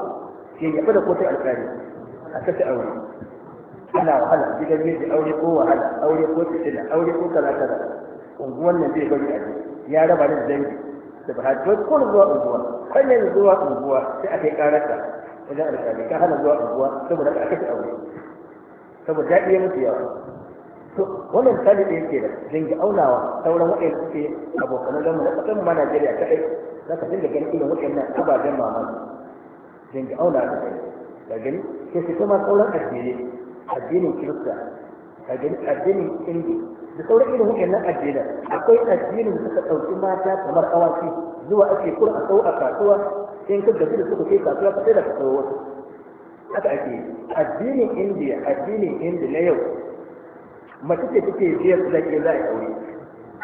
ke yi da kotun alƙali a kace aure ana wahala gidan miji aure ko wahala aure ko fitina aure ko kaza kaza unguwan nan zai bari a ya raba da dangi da ba hajjo ko zuwa unguwa hanyar zuwa unguwa sai aka yi karata wajen alƙali ka hana zuwa unguwa saboda ka aka aure saboda daɗi ya mutu yawa to wannan misali da yake da dangi aunawa sauran waɗanda suke abokanan zama na ƙasar ma Najeriya kaɗai za ka dinga ganin irin waɗannan ababen mamaki dangi aunawa da kai da gani sai su kuma sauran addinai addinin kirista addinin indi da sauran irin nan addinan akwai addinin da suka ɗauki mata kamar awaki zuwa ake kur a sau a kasuwa sai ka gaji da suka kai kasuwa ka sai da kasuwa wasu haka ake addinin indiya addinin indi na yau mace ce take biyan da ke za a aure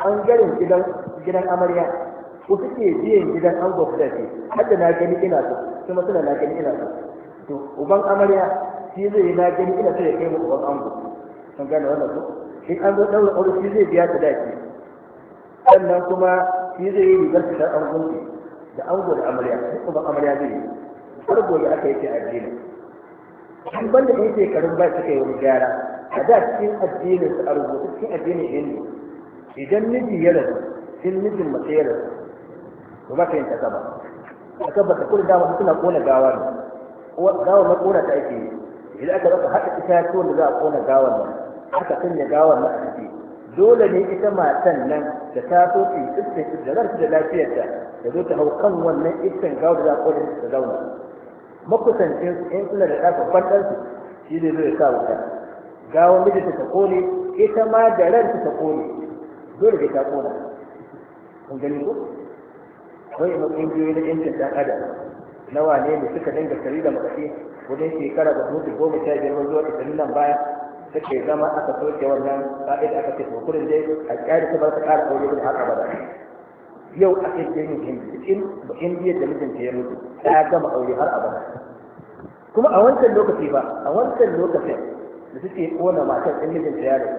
an garin gidan gidan amarya ko suke biyan gidan ango da ke hadda na gani ina so kuma suna na gani ina so to uban amarya shi zai yi na gani ina sai ya kai mu uban ango sun gane wannan ko shi an zo daura aure shi zai biya ta dace sannan kuma shi zai yi rigar fitar ango da ango da amarya duk uban amarya zai yi har gobe aka yi ta addini shi banda da yake karin ba suka yi wani gyara a da cikin addinin su a rubutu cikin addinin hindu idan miji ya rasu cikin mijin mace ya rasu ba ka yin ta gaba a kan kuma ta dama suna kona gawa ne gawa makona ta ake yi idan aka rasa haɗa itatuwan da za a kona gawar nan aka sanya gawar nan a dole ne ita matan nan da ta so ta yi iskan da zarfi da lafiyarta da zo ta hau kan wannan iskan gawar da za a kona ta zauna makusancin in suna da ɗafa ɗansu shi zai zo ya sa wuta gawar mijinta ta kone ita ma da ranta ta kone dole da ta kona kun gani ko akwai ƙungiyoyi na 'yancin ɗan adam nawa ne da suka dinga tari da makafi wajen shekara da mutu goma sha biyar wani zuwa ishirin nan baya suke zama aka soke wannan ka'ida aka ce kurin dai a kyari ta barka ta ƙara aure da haka ba da yau a kai jini hindi in biyar da ta ya mutu ta ya gama aure har abada kuma a wancan lokaci ba a wancan lokacin da suke kona matan in ta ya rasu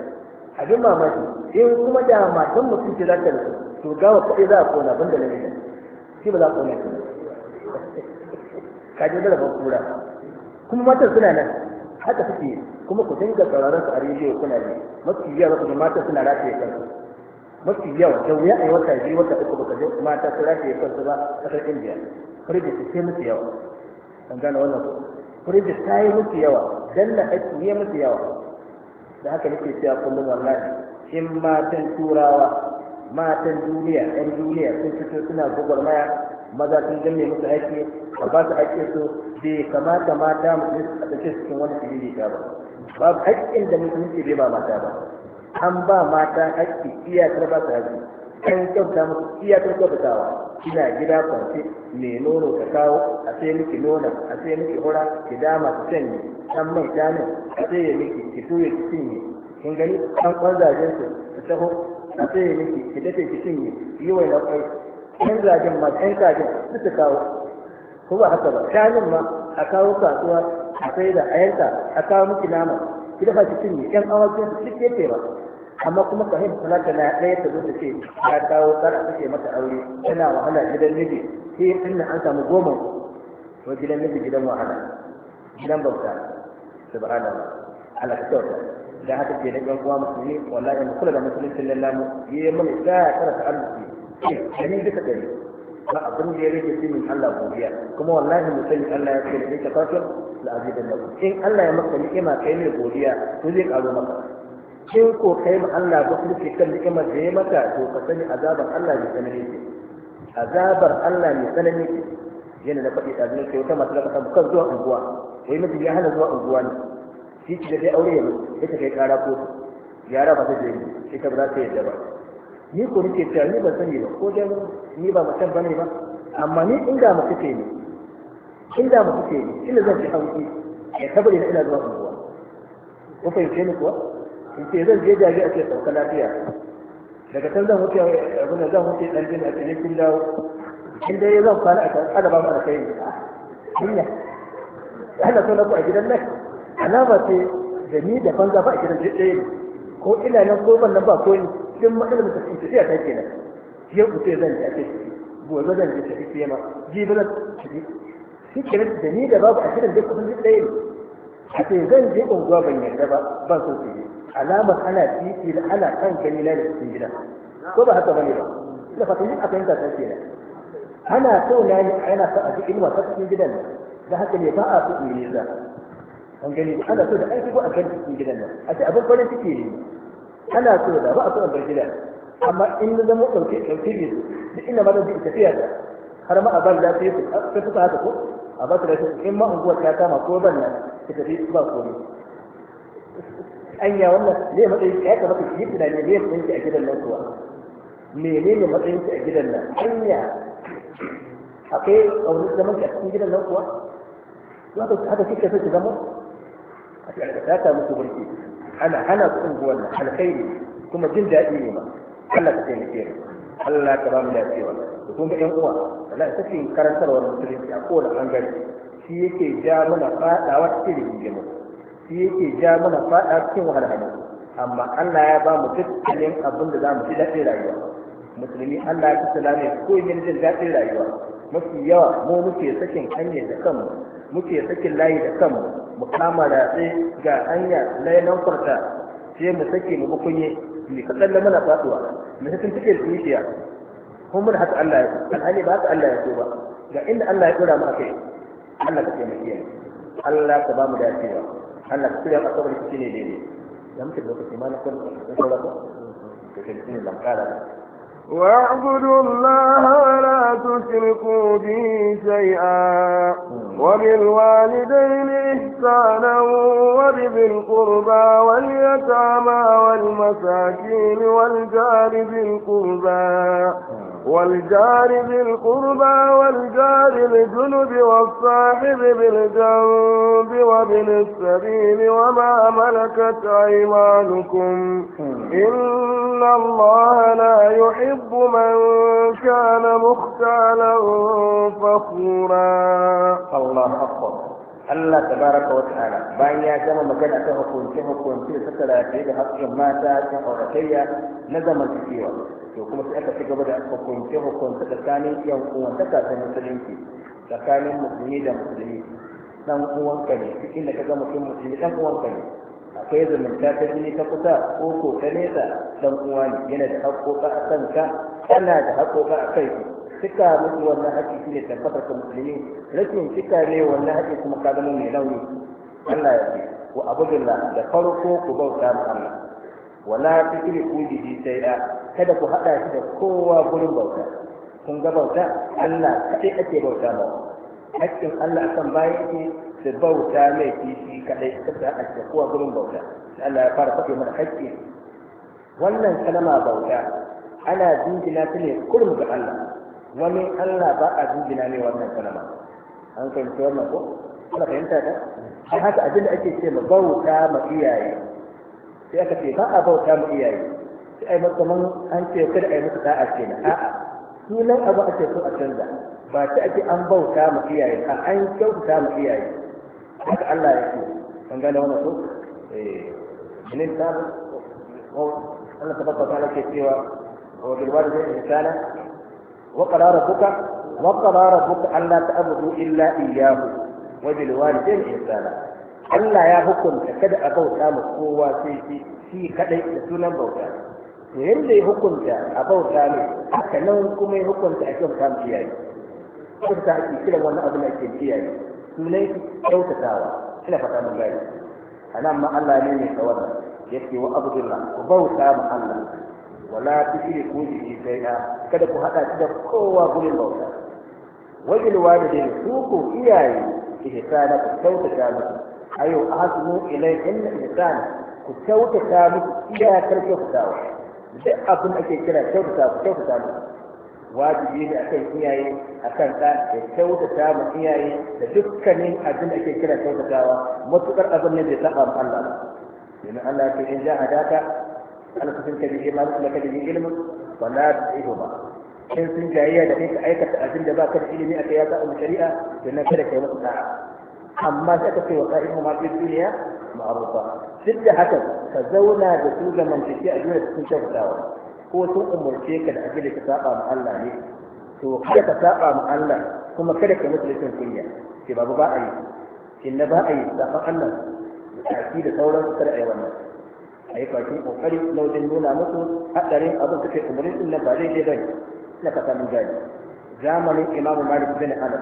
abin mamaki in kuma da matan mutum ce za ta rasu to gawa kuɗi za a kona banda na mijin shi ba za a kona shi ka ji da kura kuma matan suna nan haka suke kuma ku dinga sauraron su a rediyo kuna ne mafi yawa kuma matan suna rataye kansu mafi yawa da wuya a yi wata biyu wata uku baka je mata su rataye kansu ba kasar indiya firjit sai musu yawa an gane wannan ko firjit ta yi musu yawa na aiki ne musu yawa da haka nake cewa kullum wallahi in matan turawa matan duniya ɗan duniya sun fito suna gwagwarmaya maza sun janye musu aiki a ba su aiki su bai kamata mata mutum a tafi cikin wani fili ne ba babu haƙƙin da mutum ke bai ba mata ba an ba mata haƙƙi iyakar ba su haƙƙi an kyauta musu iyakar kyautatawa ina gida kwanci me nono ka kawo a sai miki nona a sai miki hura ki dama ki sanye can mai canin a sai ya miki ki tuye ki cinye kin gani an kwanzajen su ta taho a sai ya miki ki dace ki cinye yi wai na kai yan zagin ma yan zagin su kawo ko ba haka ba shanun ma a kawo kasuwa a sai da a yanka a kawo miki nama ki dafa ki cinye yan awakin su duk yake ba amma kuma ka hin da na ɗaya ta zo ta ce ya kawo tsara a mata aure tana wahala gidan miji sai in an samu goma ko gidan miji gidan wahala gidan bauta subhanallah ala ka kyauta da haka ke da ɗan uwa musulmi wallahi mu kula da musulunci lallamu yi mun isa ya ta arziki dari duka abin da ya rage sai min Allah godiya kuma wallahi mu sani Allah ya ce da ka fata la azidan lahu in Allah ya maka ni'ima kai ne godiya to zai karo maka Kin ko kai ma Allah ba ku ke kan ni'imar da ya maka to ka sani azabar Allah ne sanani ce azabar Allah ne sanani ke? yana na faɗi da zuwa wata masu raka samu kan zuwa unguwa wai miji ya hana zuwa unguwa ne shi da dai aure ya mutu ita kai kara kotu yara ba ta je ita ba za ta yadda ba ni ko nake cewa ni ban sani ba ko dai ni ba mutum ne ba amma ni inda mu ce ne inda mu ce ne ina zan ci hauki ya tabbata ina ina zuwa unguwa ko fahimce ni kuwa in ce zan je jaje a ce sauka lafiya daga can zan wuce abin da zan wuce dan jini a cikin kin dawo in dai zan kwana a kan adaba mu kai ne hanya ana so na ku a gidan nan alama ce da ni da banza ba a gidan ɗaya ko ina nan ko ban nan ba ko ni كم مكلمة تحكي فيها كنا هي بطيء بلد أكيد بو بلد تحكي فيها ما جي بلد تحكي في كم الدنيا بابا أكيد عندك كم الدليل حتى زين جي أم جواب يعني بابا بنسوي فيه علامة أنا في في أنا كان كني لا يستجيبنا كذا هذا بنيرا لا فتني أكيد أنت تحكي أنا تونا أنا سأجي إن ما تحكي جدنا ده هكذا يباع في ميزة وقال لي هذا سوى أي شيء أكيد تحكي جدنا أتى أبو بلد تحكي kana so da ba a so in bar gida amma in na zama ɗauke ɗauke ne duk inda ma zan ji tafiya da har ma a ban lafiya su ta suka haka ko a ba su lafiya in ma unguwar ta kama ko ban nan ta tafi ba komai anya wannan ne matsayin ya kamata ki yi tunani ne matsayin ki a gidan nan kuwa menene matsayin ki a gidan nan anya akwai ƙaunar zaman ki a cikin gidan nan kuwa za ka haka kike so ki zama a cikin ta ta musu burki ana hana su unguwar nan alkhairi kuma jin daɗi ne ma Allah ka taimake mu Allah ka ba mu lafiya da kun ga ƴan uwa Allah ta ce karantarwar musulunci a kowane bangare shi yake ja mana faɗawa cikin rigingimu shi yake ja mana faɗa cikin wahalhalu amma Allah ya ba mu dukkanin abin da za mu ji daɗin rayuwa musulmi Allah ya fi salame ko yin jin daɗin rayuwa mafi yawa mu muke sakin hanyar da kanmu muke sakin layi da kanmu mu kama ratse ga hanya lailan farta sai mu sake mu bukunye ne ka tsalle mana faduwa mu sakin take zuciya kuma mun haka Allah ya so alhali ba haka Allah ya so ba ga inda Allah ya dora mu akai Allah ka taimake mu Allah ka ba mu dacewa Allah ka tsira ka saboda kike ne daidai da muke lokaci ma na kan da sauransu da kike ne lankara واعبدوا الله ولا تشركوا به شيئا وبالوالدين إحسانا وبذي القربى واليتامى والمساكين والجار ذي القربى والجار بالقربى والجار الجنب والصاحب بالجنب وابن السبيل وما ملكت أيمانكم إن الله لا يحب من كان مختالا فخورا الله أكبر Allah tabaraka wa ta'ala bayan ya gama magana ta hukunce hukunce suka rafe da ما mata ta auratayya na zamantakewa to kuma sai aka ci gaba da hukunce hukunce tsakanin yan uwan ta musulunci tsakanin musulmi da musulmi dan ka ne cikin da ka ga mutum musulmi dan uwan ka ne akwai zumunta ta jini ta kusa ko ko ta nesa dan uwa ne yana da haƙoƙa a ka kana da haƙoƙa a kai cika musu wannan haƙi shine tabbatar ka musulmi rashin cika ne wannan haƙi kuma ka zama mai launi Allah ya ce wa abudullah da farko ku bauta ma Allah wala tushriku bihi shay'a kada ku hada shi da kowa gurin bauta kun ga bauta Allah kadai ake bauta ba hakkin Allah akan bayi ke su bauta mai kishi kadai kada a ce kowa gurin bauta Allah ya fara faɗi mana hakki wannan kalama bauta ana jinjina ta ne kurum ga Allah wani Allah ba a jinjina ne wannan kalama. an fahimci wannan ko kuna fahimta ta haka abinda da ake ce ma bauta ma iyaye sai aka ce ba a bauta mu iyaye sai ai kaman an ce kada ai musu da'a na. a'a sunan abu ce so a canza ba ta ake an bauta mu iyaye a an kyauta mu iyaye haka Allah ya ce an gane wannan so eh ne ta Allah tabaraka ta ke cewa wa bil walidayni ihsana wa qarara buka wa buka rabbuka alla ta'budu illa iyyahu wa bil walidayni ihsana Allah ya hukunta kada a bauta ma kowa sai shi kadai da sunan bauta to yanda ya hukunta a bauta ne haka nan kuma ya hukunta a kyauta mu iyaye kyauta ake kira wani abu da ake kiyaye. sunai kyautatawa ina fata mun gani anan ma Allah ne ne kawai yake wa abdullah ku bauta ma Allah wala tushriku bihi shay'a kada ku hada shi da kowa gurin bauta wajil walidai ku ku iyaye ihsana ku kyautata musu ayo ahsinu ilayhin ihsan ku kyautata musu iyakar kyautatawa duk abin ake kira kyautata ku kyautata musu wajibi ne akan iyaye akan ɗa da kyautata ma iyaye da dukkanin abin ake kira kyautatawa matukar abin ne bai saba ma Allah ba domin Allah ya ce in ja'a daka an kusanka bi imanin da kake da ilimin wa la tu'ihuma in sun jayayya da kai ka aikata abin da ba ka da ilimi a kai ya saba shari'a to nan kada kai musu da'a أما في وقائمهما في الدنيا معروفة سد حسد فزونا جسود من تشيء أجولة تكون شيء تاوى هو سوء ملكيك الأجل تتاقى مع الله لي سوء كي تتاقى مع الله كما كدك مجلس في باب بائي في النباء تتاقى الله بتأكيد ثورة سرع ونا أي فاكي أفري لو جنبونا مصر أقدرين أظن سكي أمرين إلا بعدين جبين لك تتاقى من زامن إمام مالك بن آدم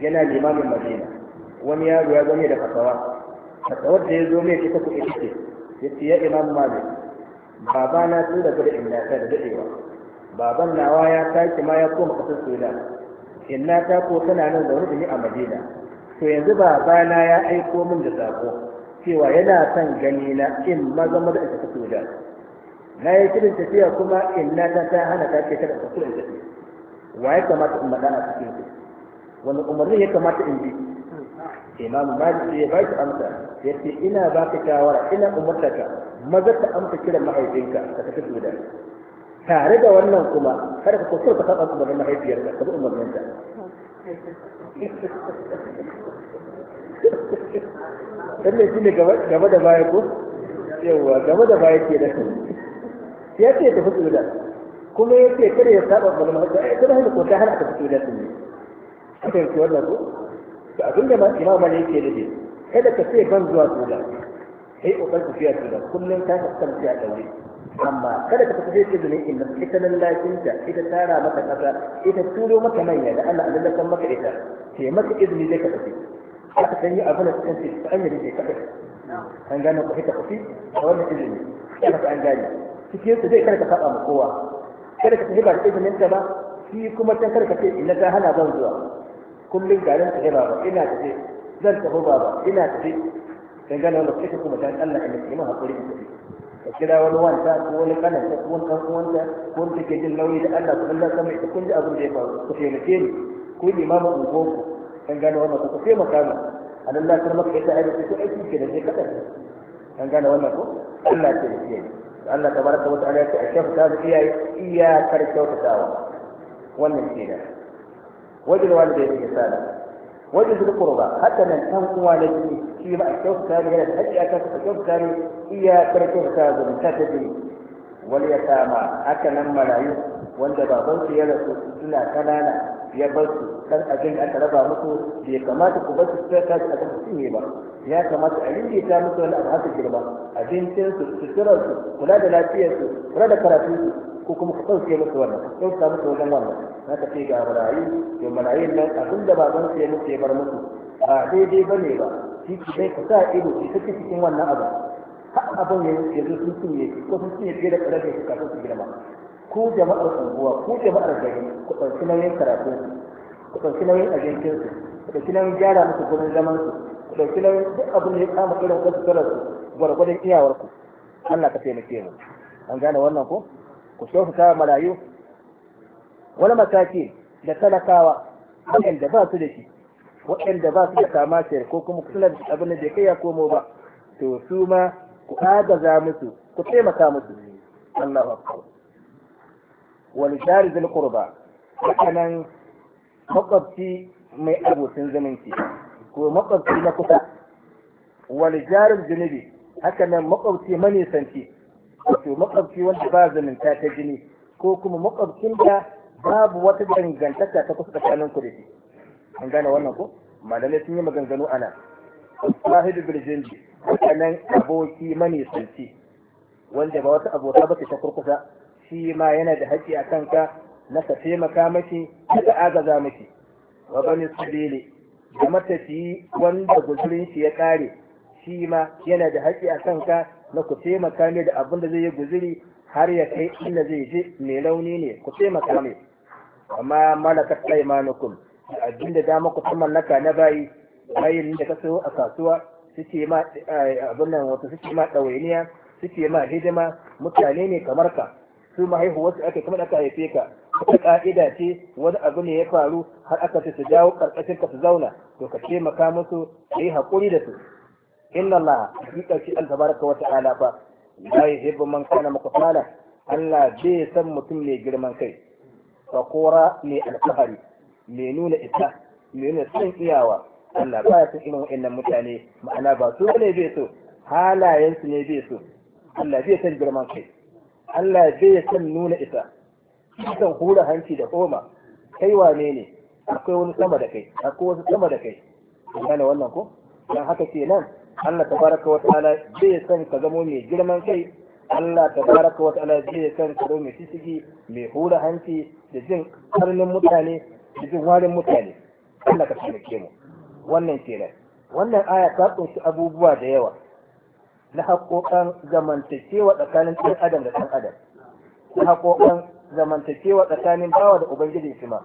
ينا إمام المدينة wani yaro ya zo da kasawa. Kasawar da ya zo mai kika kuɗi ce ya ce ya imamu mali baba na tun da gudu inda ta da daɗewa baban nawa ya tashi ma ya koma ƙasar sudan inna ta ko tana nan zaune da ni a madina to yanzu Baba na ya aiko min da sako cewa yana son gani na in maza maza in tafi suna na yi kirin tafiya kuma inna ta ta hana ta ce ta tafi in tafi wa ya kamata in maɗa a cikin wani umarni ya kamata in bi imam malik ya ba ki amsa ya ce ina ba ka shawara ina umartaka maza ka amsa kiran mahaifinka ka tafi sudan tare da wannan kuma kada ka kusur ka saba umarnin mahaifiyarka ka bi umarninta sannan [LAUGHS] shi ne gaba da baya ko yawa gaba da baya ke da ya ce tafi sudan kuma ya ce kada ya saba umarnin mahaifiyarka kada hana ko ta hana tafi sudan ne kada yi wannan ko da abin da masu imam ne yake nufi kada ka sai ban zuwa sudan kai kokar tafiya sudan kullum ka kasance a daure amma kada ka tafi ta zunin inda ita lallacinta ita tara maka ƙasa, ita turo maka manya da Allah Allah kan maka ita sai maka izini zai ka tafi aka san yi abin da kan ta hanyar da ka an gane ku ita kafi a wannan izini kada ka an gane cikin su zai kada ka saba ma kowa kada ka tafi ba da izinin ka ba shi kuma can kada ka ce ina ka hana ban zuwa kullum garin tafi baba ina tafi zan tafi baba ina tafi gane wanda kuka kuma dan Allah in yi mu hakuri in tafi ka kira wani wanta ko wani kananta ko wani kan'uwanta ko wani ke jin nauyi da Allah ku Allah sama ita kun ji abin da ya faru ku taimake ni ku limamin kan gane wannan ku taimaka mu an Allah kar maka ita aiki ko aiki ke da kai Kan gane wannan ko Allah ya taimake ni Allah tabaraka wa ta'ala ya ce a shafa ta iyaye iyakar kyautatawa wannan kenan wajen walidai ya sana wajen zuwa ba haka nan uwa na jini shi a kyautata ne yana da aka a kansa a kyautata ne iya kyautata zumunta ta jini wani ya sama haka nan marayu wanda babansu ya rasu suna kanana ya bar su kar a gani aka raba muku bai kamata ku bar su suka kaji a kan cinye ba ya kamata a ta musu wani abu haka girma abincinsu suturarsu kula da lafiyarsu kula da karatunsu ko kuma ku ɗauke musu wannan ku ɗauka musu wajen wannan na ka ce ga marayu to marayun nan abin da baban zan ya musu ya bar musu ba daidai ba ne ba shi ki dai ku sa ido ki kake cikin wannan abu har abin ya yanzu sun cinye ko sun cinye fiye da su kafin su girma ko jama'ar unguwa ko jama'ar gari ku ɗauki nauyin karatu ku ɗauki nauyin abincinsu ku ɗauki nauyin gyara musu gurin su ku ɗauki nauyin duk abin da ya kama irin wasu su gwargwadon iyawarku Allah ka taimake mu an gane wannan ko ku so ku ta marayu wani mataki da talakawa waɗanda ba su da shi waɗanda ba su da kama ko kuma kusurar abin da kai ya komo ba to su ma ku agaza musu ku taimaka musu Allahu akbar wal jari zil qurba hakanan makwabci mai abokin zumunci ko makwabci na kusa wani jarin zunubi haka nan makwabci manisanci wato makwabci wanda ba zumunta ta jini ko kuma makwabcin da babu wata dangantaka ta kusa tsakanin ku da shi an gane wannan ko malamai sun yi maganganu ana sahibu birjinji haka nan aboki manisanci wanda ba wata abota ba ta kurkusa shi ma yana da haƙƙi a kanka na ka taimaka maki ka agaza maki wa bani sabili da matafiyi wanda guzurin shi ya kare shi ma yana da haƙƙi a kanka na ku taimaka ne da abin da zai yi guzuri har ya kai inda zai je mai rauni ne ku taimaka ne amma malakat aymanukum abin da dama ku san mallaka na bayi bayin da ka sayo a kasuwa suke ma eh, abin nan wato suke ma ɗawainiya suke ma hidima mutane ne kamar ka su su ake kamar aka haife ka wata ka'ida ce wani abu ne ya faru har aka ce su jawo karkashin ka su zauna to ka taimaka musu ka yi haƙuri da su inna Allah hakika shi an tabaraka wa ta'ala fa la yuhibbu man kana mukafala Allah bai san mutum mai girman kai fakora al-qahri mai nuna isa mai nuna san iyawa Allah ba ya san irin waɗannan mutane ma'ana ba su ne bai so halayensu ne bai so Allah bai san girman kai Allah bai san nuna isa kan hura hanci da koma kai wane ne akwai wani sama da kai akwai wasu sama da kai gane wannan ko dan haka ke nan Allah tabaraka wa ta'ala zai san ka zamo mai girman kai Allah tabaraka wa ta'ala zai san ka zamo mai sisigi mai hura hanci da jin karnin mutane da jin warin mutane Allah ka tsare mu wannan kenan wannan aya ta kunshi abubuwa da yawa na haƙoƙan zamantakewa tsakanin ɗan adam da ɗan adam na haƙoƙan zamantakewa tsakanin bawa da ubangiji shi ma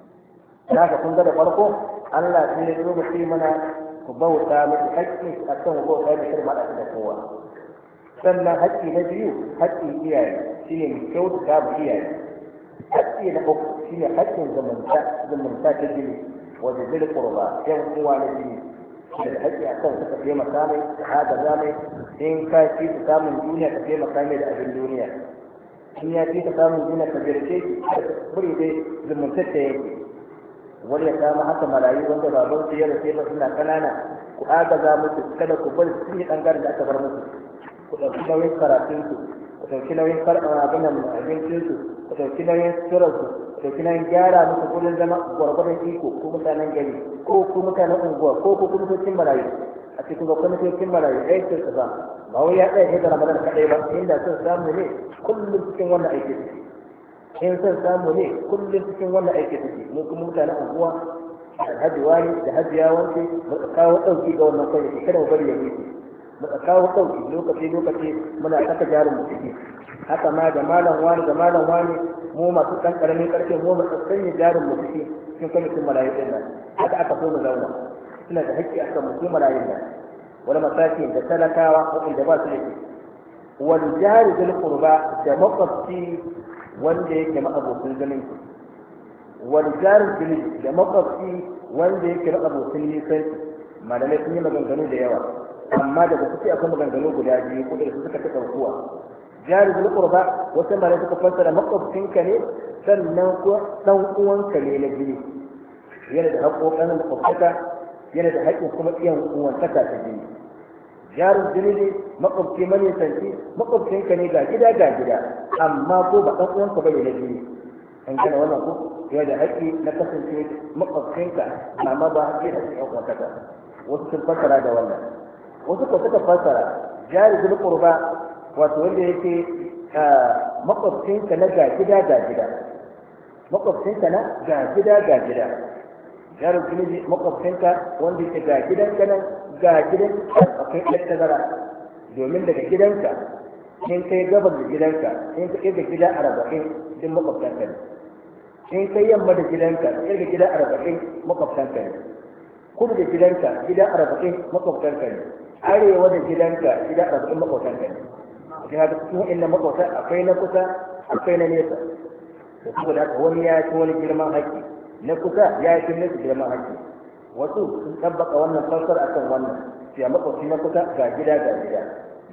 Na ka kun ga da farko Allah sai ya zo shi mana ku bauta mai haƙƙi a kan ku bauta mai shirma da kowa sannan haƙƙi na biyu haƙƙin iyaye shine mai kyau kyautata mu iyaye haƙƙi na uku shine haƙƙin zamanta zamanta ta jini wanda zai qurba yan uwa na jini da haƙƙi a kan ka taimaka mai ka hada mai in ka ci samun duniya ka taimaka mai da abin duniya in ya fi ka samun gina ka har buri dai zumuntacce yake wani ya samu haka marayu wanda baban su ya rufe ba suna kanana ku agaza musu kada ku bari su yi ɗangaren da aka bar musu ku ɗauki nauyin karatunsu ku ɗauki nauyin karɓar abin da su ku ɗauki nauyin suturarsu ku ɗauki nauyin gyara musu kullum zama gwargwadon iko ko mutanen gari ko ku mutanen unguwa ko ku kuma marayu a cikin ga kwamitokin marayu mara ya su samu ba wai ya tsaye shi da ramadan kaɗai ba inda sun samu ne kullum cikin wannan aiki suke in sun samu ne kullum cikin wannan aiki suke mu kuma mutanen unguwa alhaji wani da hajiya wance mu kawo ɗauki ga wannan kwamiti kada mu bari ya wuce mu kawo ɗauki lokaci lokaci muna saka jarin mu ciki haka ma da malam wani da malam wani mu masu ɗan ƙaramin ƙarfe mu mu sanya jarin mu ciki cikin ya yi ɗin nan haka aka so mu zauna suna da haƙƙi akan mutum marayun nan wani masakin da talakawa waɗanda ba su da shi wal jari zul qurba da makwabci wanda yake ma'abocin ku? Wani jari zul da makwabci wanda ya yake abokin nisanci malamai sun yi maganganu da yawa amma daga suke akwai maganganu guda biyu ko da suka ta ɗaukuwa jari zul qurba wasu malamai suka fassara makwabcinka ne sannan ko ɗan uwanka ne na biyu yana da haƙoƙan makwabtaka yana da haƙƙin kuma iya uwantaka ta jini jarin jini ne maƙwabci manisanci makwabcinka ne ga gida ga gida amma ko ba ɗan uwanka ba ne na jini an gana wannan ko yana da haƙƙi na kasance maƙwabcinka, amma ba haƙƙi da ɗan uwantaka wasu sun fassara da wannan wasu ko suka fassara jarin jini ƙurba wato wanda yake makwabcinka na ga gida ga gida makwabcinka na ga gida ga gida ya roƙi makwabcinka wanda yake ga gidanka nan ga gidanka akwai ɗan tazara domin daga gidanka in kai gabar da gidanka in ka ƙirga gida arba'in duk makwabtanka ne in kai yamma da gidanka ka ƙirga gida arba'in makwabtanka ne kudu da gidanka gida arba'in makwabtanka ne arewa da gidanka gida arba'in makwabtanka ne ga cikin inda makwabta akwai na kusa akwai na nesa da saboda haka wani ya ci wani girman haƙƙi na kusa ya yi nesa girman haƙƙi wasu sun tabbaka wannan a kan wannan sai makwabci na kusa ga gida ga gida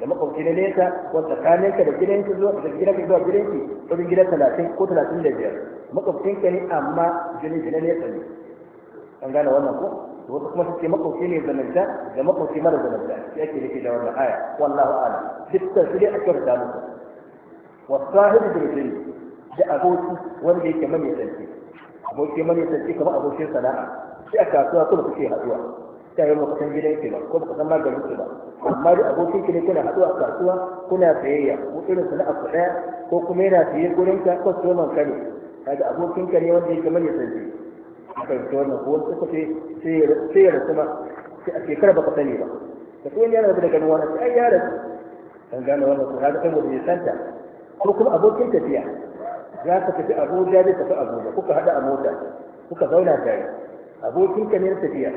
da makwabci na nesa ko tsakaninka da gidanki zo da gidanka zuwa gidanki wurin gida talatin ko talatin da biyar makwabcinka ne amma jini jini nesa ne an gane wannan ko wasu kuma suke makwabci ne zamanta da makwabci mara zamanta shi ake nufi da wannan aya wallahu a'lam duk tasiri a kyauta muku wasu sahibi da da aboki wanda yake mai tsanci aboki mani ta ce kamar abokin sana'a sai aka kasuwa kuma kuke haduwa ta yi kasan gidan ki ba ko kasan san maganin ke ba amma da abokin ki ne kuna haduwa a kasuwa kuna tsayayya ko irin sana'a ku ɗaya ko kuma yana tsaye gurin ka ko so man kare kaga abokin ka ne wanda yake mani san ji akan ce wannan ko wasu kuka sai sai kuma ma sai a shekara ka sani ba da kuma yana da ganin wannan sai ai ya rasu kan gane wannan ko kaga saboda ya santa ko kuma abokin tafiya ya ka tafi abuja zai tafi abuja kuka hada a mota kuka zauna tare abokin ka ne tafiya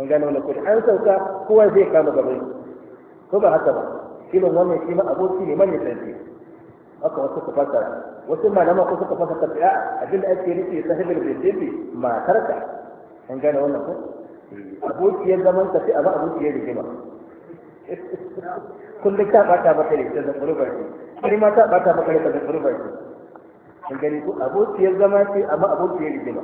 an gano wani kudi an sauka kowa zai kama gaban ko ba haka ba shi ban wannan shi ma aboki ne manyan sarki haka wasu suka fasa wasu malama ko suka fasa tafiya abinda ake nufi sahibul bisinti matarka an gano wannan ko aboki ya zaman tafi a ba ya rigima kullum ta bata maka ne ta zan kurbar ki kuma ta bata maka ne ta zan kurbar ki kun gani ko abokiyar zama ce amma abokiyar rigima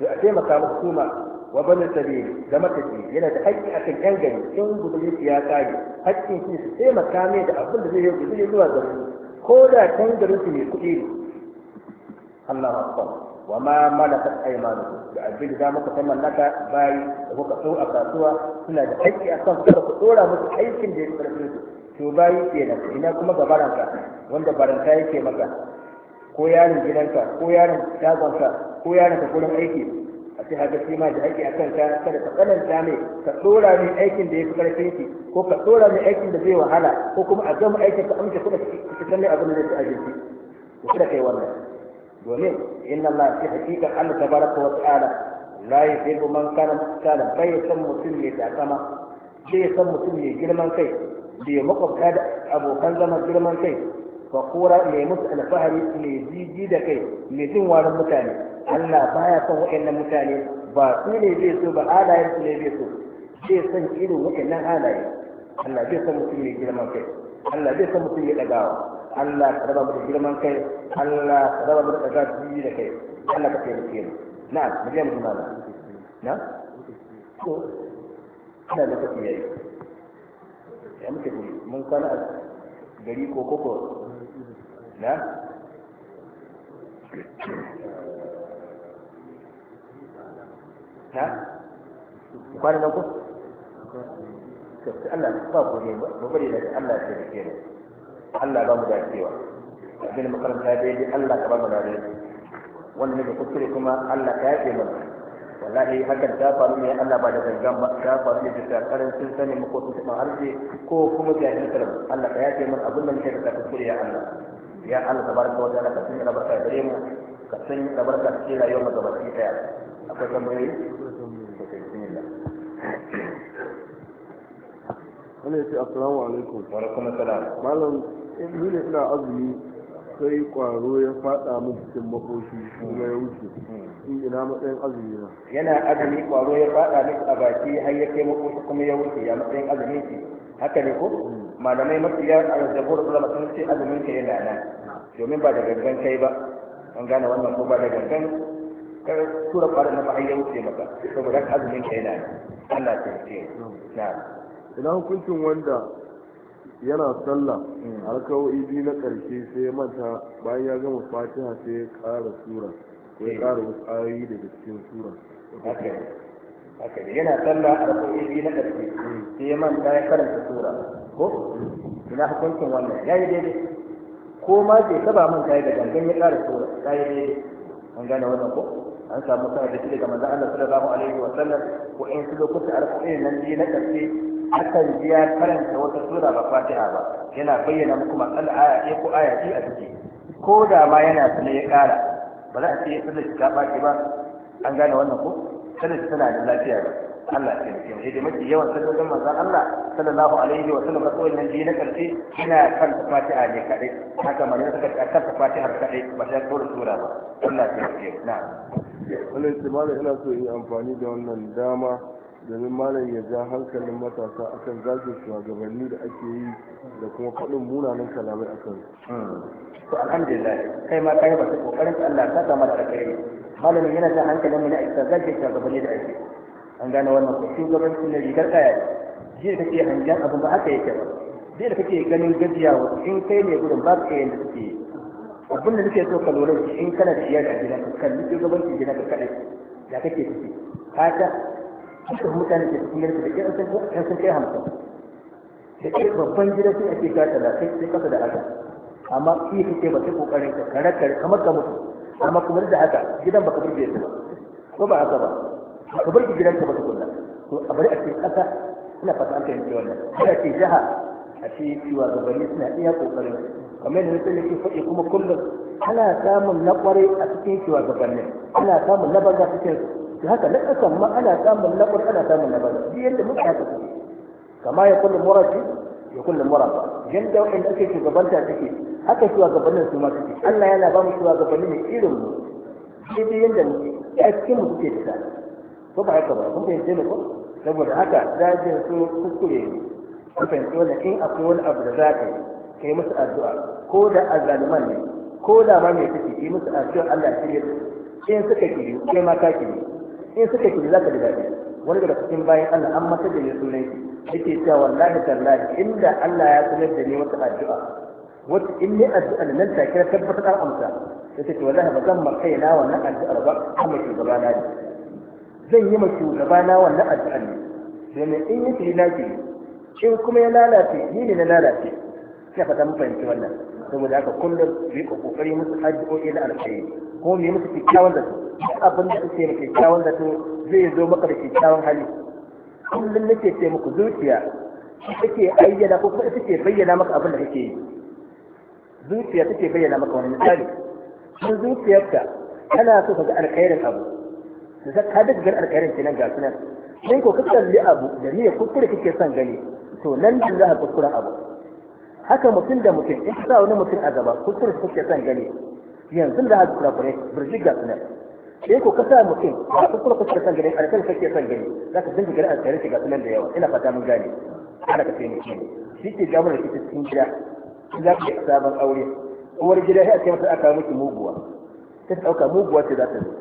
to a taimaka musu kuma wa bani tabi da matafi yana da haƙƙi a kan ƴan gari in gudun ya kare haƙƙin shi su taimaka mai da abin da zai yi gudun zuwa gari ko da kan garin su mai kuɗi ne Allah akbar wa ma malakat aymanu da abin da muka san mallaka bayi da kuka so a kasuwa suna da haƙƙi a kan kuma ku dora musu aikin da ya karfe su to bayi kenan ina kuma gabaranka wanda baranka yake maka ko yaron gidanka ko yaron shagonka ko yaron ka gurin aiki a ce haka shi ma da aiki akan ta kada ka tsananta mai ka tsora mai aikin da ya fi karfin ki ko ka tsora mai aikin da zai wahala ko kuma a gama aikin ka amince kuma ka san mai abin da zai ajinci ku kada kai wannan domin inna Allah fi hakika Allah tabaraka wa ta'ala la yuhibbu man kana mutala bai san mutum mai takama bai san mutum mai girman kai bai makwabta da abokan zaman girman kai fakura mai musu alfahari mai jiji da kai mai jin warin mutane Allah baya son waɗannan mutane ba su ne zai so ba halayen su ne zai so zai san irin waɗannan halaye Allah zai san mutum mai girman kai Allah zai san mutum mai ɗagawa Allah ka raba mu da girman kai Allah ka raba mu da ɗaga jiji da kai Allah ka kai mu na'am mu je mu mana na ko ina da tafiya ya muke mun kana gari ko koko kwana Allah ba ku da Allah ce da Allah ba mu Abin makaranta daidai Allah ka ba mu Wanda ne da kuskure kuma Allah ka yake mana. wallahi hakan ta faru ne Allah ba da gangan ba ta faru ne da karancin sani mu ko tun har ko kuma ga ni karam Allah ka yace mun abin da muke da kuskure ya Allah ya Allah tabaraka wa ta'ala ka san da barka gare mu ka san da barka cikin rayuwar mu gabaki daya akwai tambayoyi wani ya ce assalamu alaikum wa alaikum assalam malam ni ne ina azumi sai kwaro ya fada min cikin makoshi kuma ya wuce in ina matsayin azumi na yana azumi kwaro ya fada miki a baki har ya kai makoshi kuma ya wuce ya matsayin azumi ki haka ne ko malamai mafi yawan arzabur ba sun ce azumin ka yana nan domin ba da gangan kai ba an gane wannan ko ba da gangan kar tura kwarin na ba ya wuce maka saboda azumin ka yana nan Allah ta ce na ina hukuncin wanda yana sallah alkawai biyu na ƙarshe sai manta bayan ya gama fatiha sai ya ƙara sura ko ya ƙara wasu ayoyi daga cikin sura yana sallah alkawai biyu na ƙarshe sai ya manta ya karanta sura ko ina hukuncin wannan ya yi daidai ko ma bai saba manta ya da gangan ya ƙara sura ya yi daidai an gane wannan ko an samu sanar da shi daga manzon Allah sallallahu alaihi wa sallam ko in su lokuta alkawai nan biyu na ƙarshe akan ji ya karanta wata sura ba fatiha ba yana bayyana muku matsala aya ɗaya ko aya ce a ciki ko da ma yana sanar ya ƙara ba za a ce sanar shi ta ɓaci ba an gane wannan ko sanar shi tana da lafiya ba Allah ya taimake mu da mafi yawan sallolin manzon Allah sallallahu alaihi wa sallam rasulun nan na karshe yana kan fatiha ne kadai haka mai suka ce kan fatiha kaɗai ba sai ko sura ba Allah ya taimake na. na'am wannan istimali ina so in amfani da wannan dama domin malam ya ja hankalin matasa akan zagin shugabanni da ake yi da kuma faɗin munanan kalamai a kan to alhamdulillah kai ma kai ba su kokarin Allah ta samu da kai malamin yana ja hankalin mu ne a kan zagin shugabanni da ake an gane wannan ko shugabanci ne rigar kaya jiya kake hangen abu ba haka yake ba jiya da kake ganin gajiyawa in kai ne gudun ba ka yanda kake yi abin da nake so ka lura in kana ciyar da gidanka kan shugabancin gidanka kadai ya kake ciki ka suka mutane da cikin yarda da ƙyar sun sun kai hamsin da ƙyar babban gida sun ake ka talatin sai kasa da aka, amma shi kake ba sai kokarin ka kare kare kamar ka mutu amma kuma da aka gidan baka burge su ba ko ba haka ba ka burge gidan ka ba tukunna to a bari a ce ƙasa ina fata an fahimci wannan a ce jiha a ce cewa gabani suna iya kokarin kamar yadda nake ke faɗi kuma kullum ana samun na ƙwarai a cikin cewa gabanin ana samun na banza cikin su da haka na ƙasan ma ana samun na ƙwar ana samun na bada yadda muka haka su kama ya kullum murafi ya kullum murafa yadda waɗanda ake shugabanta take haka shugabannin su ma take Allah yana ba mu shugabanni ne irin mu sai dai yadda mu ya cikin mu suke fita ko ba haka ba kun fahimce ne ko saboda haka dajin su kuskure ne kun fahimci wannan in akwai wani abu da za ka yi ka yi musu addu'a ko da zaliman ne ko da ma mai kake yi musu addu'a Allah ya shirye in suka kiri kai ma ka kiri in suka ki za ka ji daɗi wani daga cikin bayan Allah an masa da ne sunan shi yake cewa wallahi tallahi inda Allah ya sanar da ni wata addu'a wata in ne addu'a nan take na tabbatar an amsa sai ce wallahi ba zan ma kaina wannan addu'ar ba mai shugaba na ne zan yi ma shugaba na wannan addu'a ne domin in yi ki na ki in kuma ya lalace ni ne na lalace sai fata mu fahimci wannan saboda haka kullum su yi kokari musu addu'o'i na alkhairi ko mu yi musu kikkiawan da su abin da suke da kyakkyawan zato zai zo maka da kyakkyawan hali kullum nake ce muku zuciya take ayyana ko kuma take bayyana maka abin da kake yi zuciya take bayyana maka wani misali shi zuciyarka tana so ka ga alkhairin abu da ka daga gan alkhairin kenan ga sunan sai ko ka kalli abu da ne kuskure kake son gani to nan din za ka kuskuren abu haka mutum da mutum in ka sa wani mutum a gaba kuskure kake son gani yanzu da haka kuskure birjiga sunan sai ko ka sa mutum ba ku kuma kake san gani kan kake san gani zaka dinga gani alkan kake ga sunan da yawa ina fata mun gane ana ka taimake ni shi ke jawo da cikin gida shi za ka yi sabon aure uwar gida sai a ce mata aka miki muguwa ta dauka muguwa ce za ta zo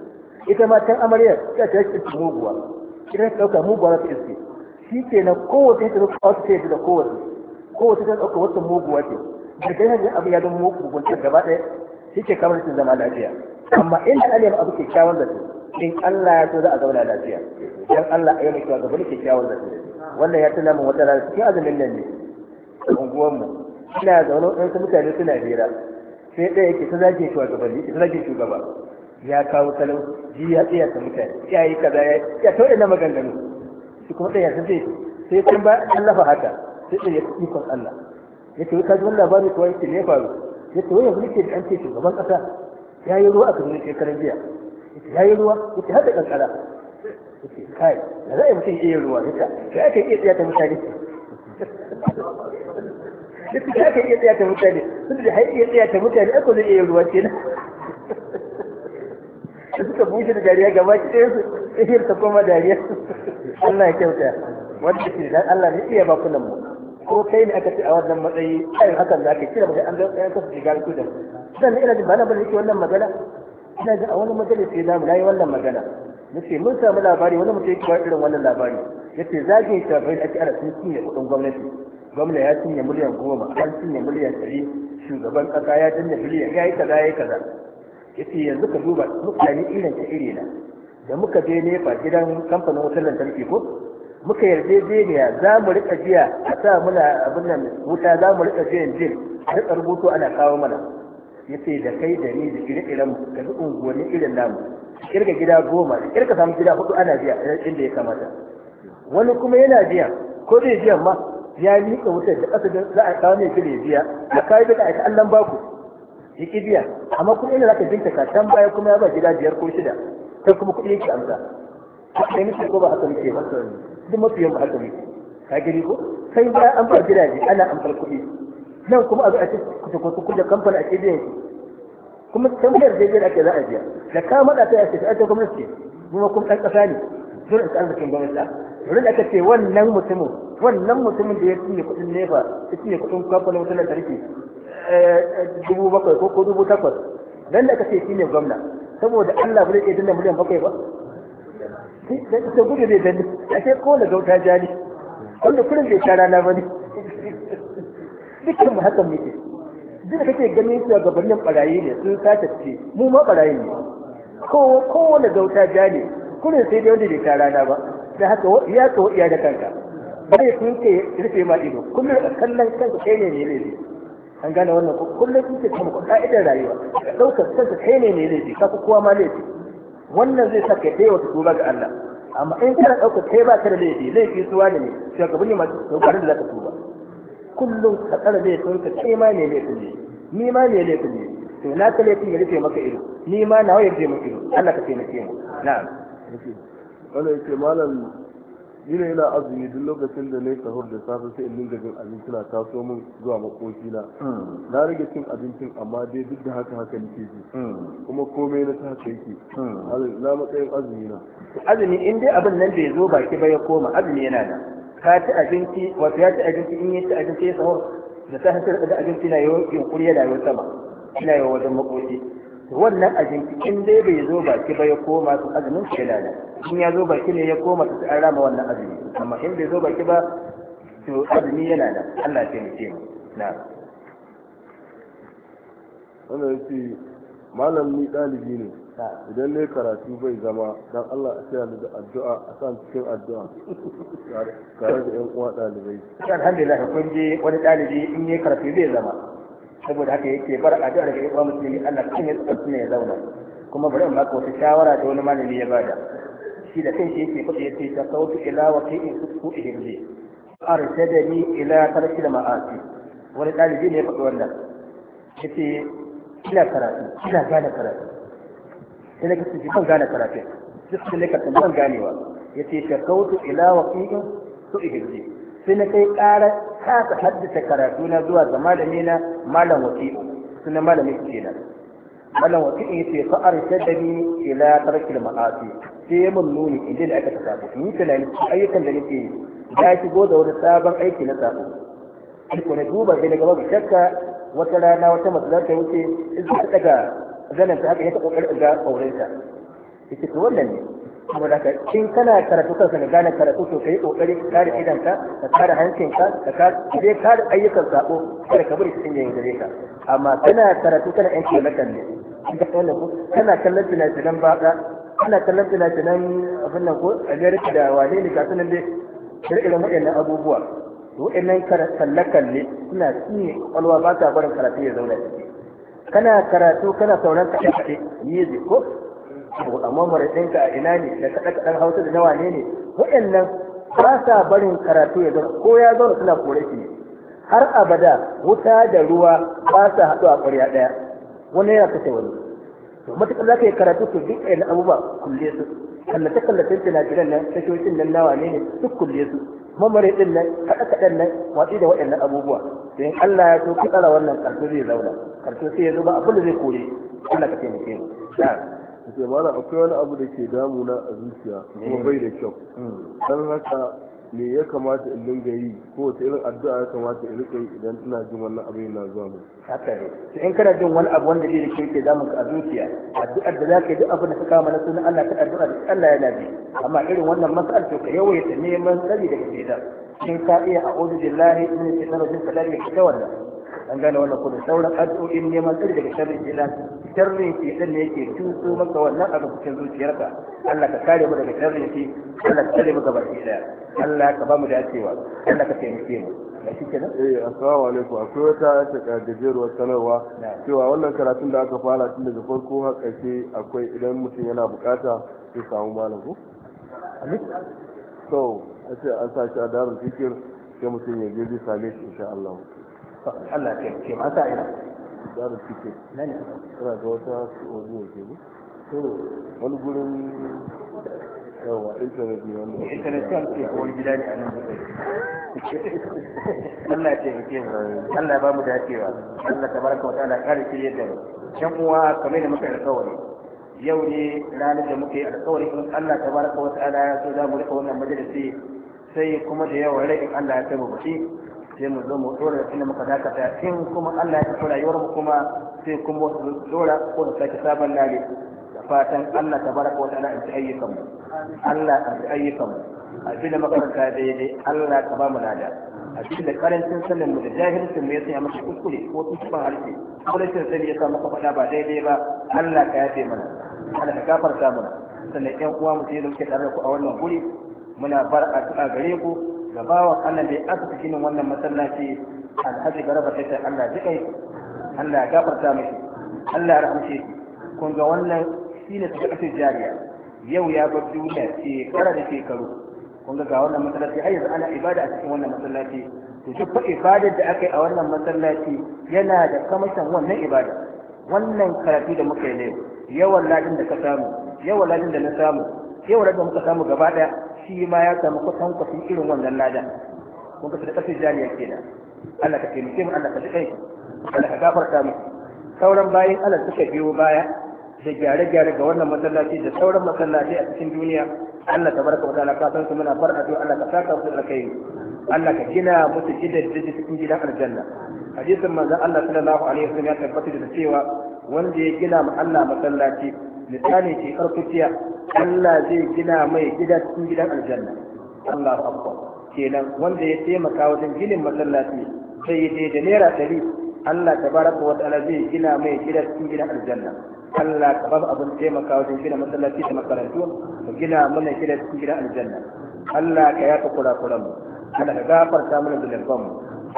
ita ma can amaryar ta ce ta muguwa ita ta dauka muguwa za ta iske shi ke na kowace ta zo kawo ta ce da kowace kowace ta dauka wata muguwa ce da kai hanyar abu ya don muguwa gaba ɗaya shi ke kamar cin zama lafiya amma in an nemi abu ke kyawun zato in Allah ya so za a zauna lafiya dan Allah ya yi kyau gaba da kyawun zato wannan ya tana min wata rana cikin azumin nan ne unguwar mu ina zaune ɗan su mutane suna hira sai ɗaya yake ta zage shugabanni ta zage gaba ya kawo salon ji ya tsaya ta mutane ya yi kaza ya ya to ina maganganu shi kuma ɗaya sun ce sai kun ba Allah fa haka sai ɗaya ya ikon Allah ya ce ka ji wannan labari ko yake ne faru ya ce wai yanzu nake da an ce shugaban ƙasa ya yi ruwa a kan shekarar biya ya yi ruwa ya haka kankara kai da za a yi mutum iya ruwa ya ce ya aka iya tsaya ta mutane duk da aka iya tsaya ta mutane duk da har iya tsaya ta mutane aka zai iya ruwa kenan da suka bushe da dariya gaba ki ɗaya su tsihir ta koma dariya Allah ya kyauta wanda ke da Allah ne iya bakunan mu ko kai ne aka ce a wannan matsayi ayin hakan da ake kira ba an zai kasu shiga ku da sannan ina jin ba na bane wannan magana ina jin a wani majalisi na mu wannan magana ce mun samu labari wani mutum yake bayar irin wannan labari ce zagin shafai ake ana sun cinye kudin gwamnati gwamna ya cinye miliyan goma an cinye miliyan ɗari shugaban ƙasa ya cinye miliyan ya yi kaza ya yi kaza Ya ce yanzu ka duba mutane irin ta irina da muka je nefa gidan kamfanin wutar lantarki ko muka yarda yarjejeniya za mu rika jiya a sa muna abin nan wuta za mu rika jiyan jin a rika rubutu ana kawo mana ya ce da kai da ni da ire-iren mu ka bi unguwanni irin namu kirga gida goma da kirga samu gida hudu ana jiya da ya kamata wani kuma yana jiya ko zai jiya ma ya miƙa wutar da ƙasa za a kawo ne gire jiya a kayi bida a baku ya ƙi biya amma kuma ina jinta ka can baya kuma ya ba gida biyar ko shida kai kuma kuɗi yake amsa. shi ko ba haka muke ba. duk mafiyan haka ne ka gani ko sai ba an fara gidaje ana amfar kuɗi nan kuma a zo a ce kusa kusa da kamfani a cibiyan shi kuma tambayar da yadda ake za a biya da ka maɗa ta yace ta gwamnati ce kuma kuma ɗan ƙasa ne dole ka arzikin gwamnati wurin aka ce wannan mutumin wannan mutumin da ya cinye kuɗin nefa ya cinye kuɗin kamfanin wutar lantarki eh, dubu bakwai ko dubu takwas dan da aka ce shi ne gwamna saboda Allah bai iya danna miliyan bakwai ba da ita gudu bai gani a sai kowane gauta ja ne wanda kurin bai sha rana ba ne dukkan mu hakan muke duk kake ganin su a gabanin barayi ne sun sace ce mu ma barayi ne Ko kowane gauta ja ne kurin sai dai wanda bai sha rana ba da haka ya ka iya da kanka bai kun ke rufe ma ido kullum kallon kanka kai ne ne laifi an gane wannan kullum kun ke kama ka'idar rayuwa ɗaukar kanka kai ne ne laifi ka kowa ma laifi wannan zai saka kai wata tuba ga Allah amma in kana ɗauka kai ba ka da laifi laifi suwa ne shugaban ne masu tsokarin da zaka tuba kullum ka tsara zai ka kai ma ne laifin ne ni ma ne laifin ne to na ka laifin ya rufe maka ido ni ma nawa ya rufe maka ido Allah ka taimake mu na'am wannan yake malam ina yana azumi duk lokacin da na yi sahur da safe sai in dinga jin abinci na taso min zuwa makoki na hmm. na rage cin abincin amma dai duk da haka haka nake ji hmm. kuma komai na ta yake. yake hmm. na matsayin azumi na azumi in dai abin nan bai zo baki ba ya koma azumi yana da ka ci abinci wato ya ci abinci in ya ci abinci ya sahur da safe sai da abinci na yau yunkuri yana yau sama ina yau wajen makoki wannan abinci in dai bai zo baki ba ya koma su azumin shi lada in ya zo baki ne ya koma su an rama wannan azumi amma in bai zo baki ba to azumi yana da Allah ya taimake mu na wannan ce malam ni dalibi ne idan ne karatu bai zama dan Allah a tsaya da addu'a a san cikin addu'a [LAUGHS] tare da yan uwa ɗalibai. alhamdulillah kun je wani dalibi in ne karatu bai zama saboda haka yake bar da daga yawa musulmi Allah kin ya tsakar suna ya zauna kuma bari in baka wata shawara da wani malami ya bada shi da shi yake ya ce ta sautu ila wa fi isku da ni ila tarkil ma'asi wani dalibi ne ya faɗi wannan ce ina karatu ina gane karatu sai na kasance ban gane karatu duk sai na kasance ban ganewa yace ta sautu ila wa in isku ihirli sai na kai ƙara kasa haddace karatu na zuwa ga malami na malam wasi sunan malami kenan malam wasi in yace fa arshadani ila tarkil ma'asi sai mun nuni idan da aka tafi ni tunani ayyukan da nake yi da shigo da wani sabon aiki na sabo ko na duba sai daga babu shakka wata rana wata mace za ta wuce in ta daga zanen ta haka ya ta kokarin ga aurenta ita to wannan ne saboda ka kana karatu kansa ne gane karatu to kai kokari ka kare idanka ka kare hancinka ka kare kare ayyukan sabo kada ka bari cikin yayin gare ka amma kana karatu kana yan kilakan ne kana kallon fina-finan baka kana kallon fina-finan abin nan ko america da wane ne ka da dai irin waɗannan abubuwa waɗannan kalle-kalle suna cinye kwakwalwa ba ta barin karatu ya zauna ciki kana karatu kana sauran kashe-kashe yi ko amma ɗinka a ina ne da kaɗe-kaɗen hausa da nawa ne ne waɗannan ba sa barin karatu ya zauna ko ya zauna suna kore shi ne har abada wuta da ruwa ba sa haɗu a ƙwarya ɗaya wani yana kashe wani to matuƙar za ka yi karatu to duk ɗaya na abubuwa kulle su kallace-kallacen fina-finan nan tashoshin nan nawa ne ne duk kulle su mamare ɗin nan kaɗe-kaɗen nan watsi da waɗannan abubuwa to Allah ya so ka tsara wannan karatu zai zauna karatu sai ya zo ba abin da zai kore Allah ka taimake mu. ce na akwai wani abu da ke damuna a zuciya kuma bai da kyau mm. don haka me ya kamata in dinga yi ko wata irin addu'a ya kamata in rika idan ina jin wannan abu yana zuwa mu haka ne to in kana jin wani abu wanda bai da kyau ke damun ka a zuciya addu'ar da zaka yi duk abin da ka kama na sunan Allah ka addu'a da Allah yana bi amma irin wannan mas'al to ka yawaita neman tsari daga shaitan in ka iya a'udhu billahi min shaitanir rajim ka dare ka ta an gane wannan ko da sauran addu'o'in neman tsari daga sharri shaitan sharri ke dan ne yake tuso maka wannan abu cikin zuciyarka Allah ka kare mu daga sharri shi Allah ka kare mu gaba ki daya Allah ka ba mu dacewa Allah ka taimake mu da eh assalamu alaikum akwai wata wa sanarwa cewa wannan karatun da aka fara tun daga farko har ƙarshe akwai idan mutum yana bukata sai samu malam ko so a ce an sa shi a darul fikir sai mutum ya je zai same shi insha Allah Allah ya taimake mu asa ina yaro suke nan suna ga wata odiyo ke ne wani gurin yawa intanet ne wani eh, kan wani gida ne a nan Allah ce Allah ba mu dacewa Allah kare shi yadda ne uwa kamar muka yau ne ranar da muka yi alƙawari in Allah ya so za mu rika wannan majalisi sai kuma da yawa rai in Allah ya tabbata sai mu zo mu dora inda muka dakata in kuma Allah ya tafi rayuwar mu kuma sai kuma wasu dora ko da sake sabon lale da fatan Allah tabaraka wa ta'ala in ayyukan mu Allah in ayyukan mu abin da makaranta daidai Allah ka ba mu A cikin da karancin sanin mu da jahilcin mu ya sanya maka kuskure ko tushen harshe ko rashin sani ya sa maka faɗa ba daidai ba Allah ka yafe mana Allah ka gafarta mana sannan ƴan uwa mu sai da muke tare da ku a wannan guri muna bar addu'a gare ku ga bawan Allah da ya ginin wannan masallaci alhaji garaba sai Allah dukai Allah ya gafarta mishi Allah ya rahmace shi kun ga wannan suka sadaqatu jariya yau ya bar duniya shekara da shekaru kun ga wannan masallaci har yanzu ana ibada a cikin wannan masallaci to duk ibadar da aka yi a wannan masallaci yana da kamashin wannan ibada wannan karatu da muka yi ne. yawan ladin da ka samu yawan ladin da na samu yawan ladin da muka samu gaba daya shi ma ya samu kwatan kwatin irin wannan ladan kun kasu da kasar jariya kenan Allah ka taimake mu Allah ka dukai Allah ka gafarta mu sauran bayan Allah suka biyo baya da gyare-gyare ga wannan masallaci da sauran masallaci a cikin duniya Allah ta baraka wata ka san su muna farka to Allah ka saka su da kai Allah ka gina musu gidan da cikin gidan aljanna hadisin manzon Allah sallallahu alaihi wasallam ya tabbata da cewa wanda ya gina ma Allah masallaci misali ce karkuciya Allah zai gina mai gida cikin gidan aljanna Allah akbar kenan wanda ya taimaka wajen ginin masallaci sai ya da naira dari Allah tabaraka wa ta'ala zai gina mai gida cikin gidan aljanna Allah ka babu abin taimaka wajen gina masallaci da makarantu ka gina mana gida cikin gidan aljanna Allah ka yafa kurakuran mu Allah ka gafarta mana zunuban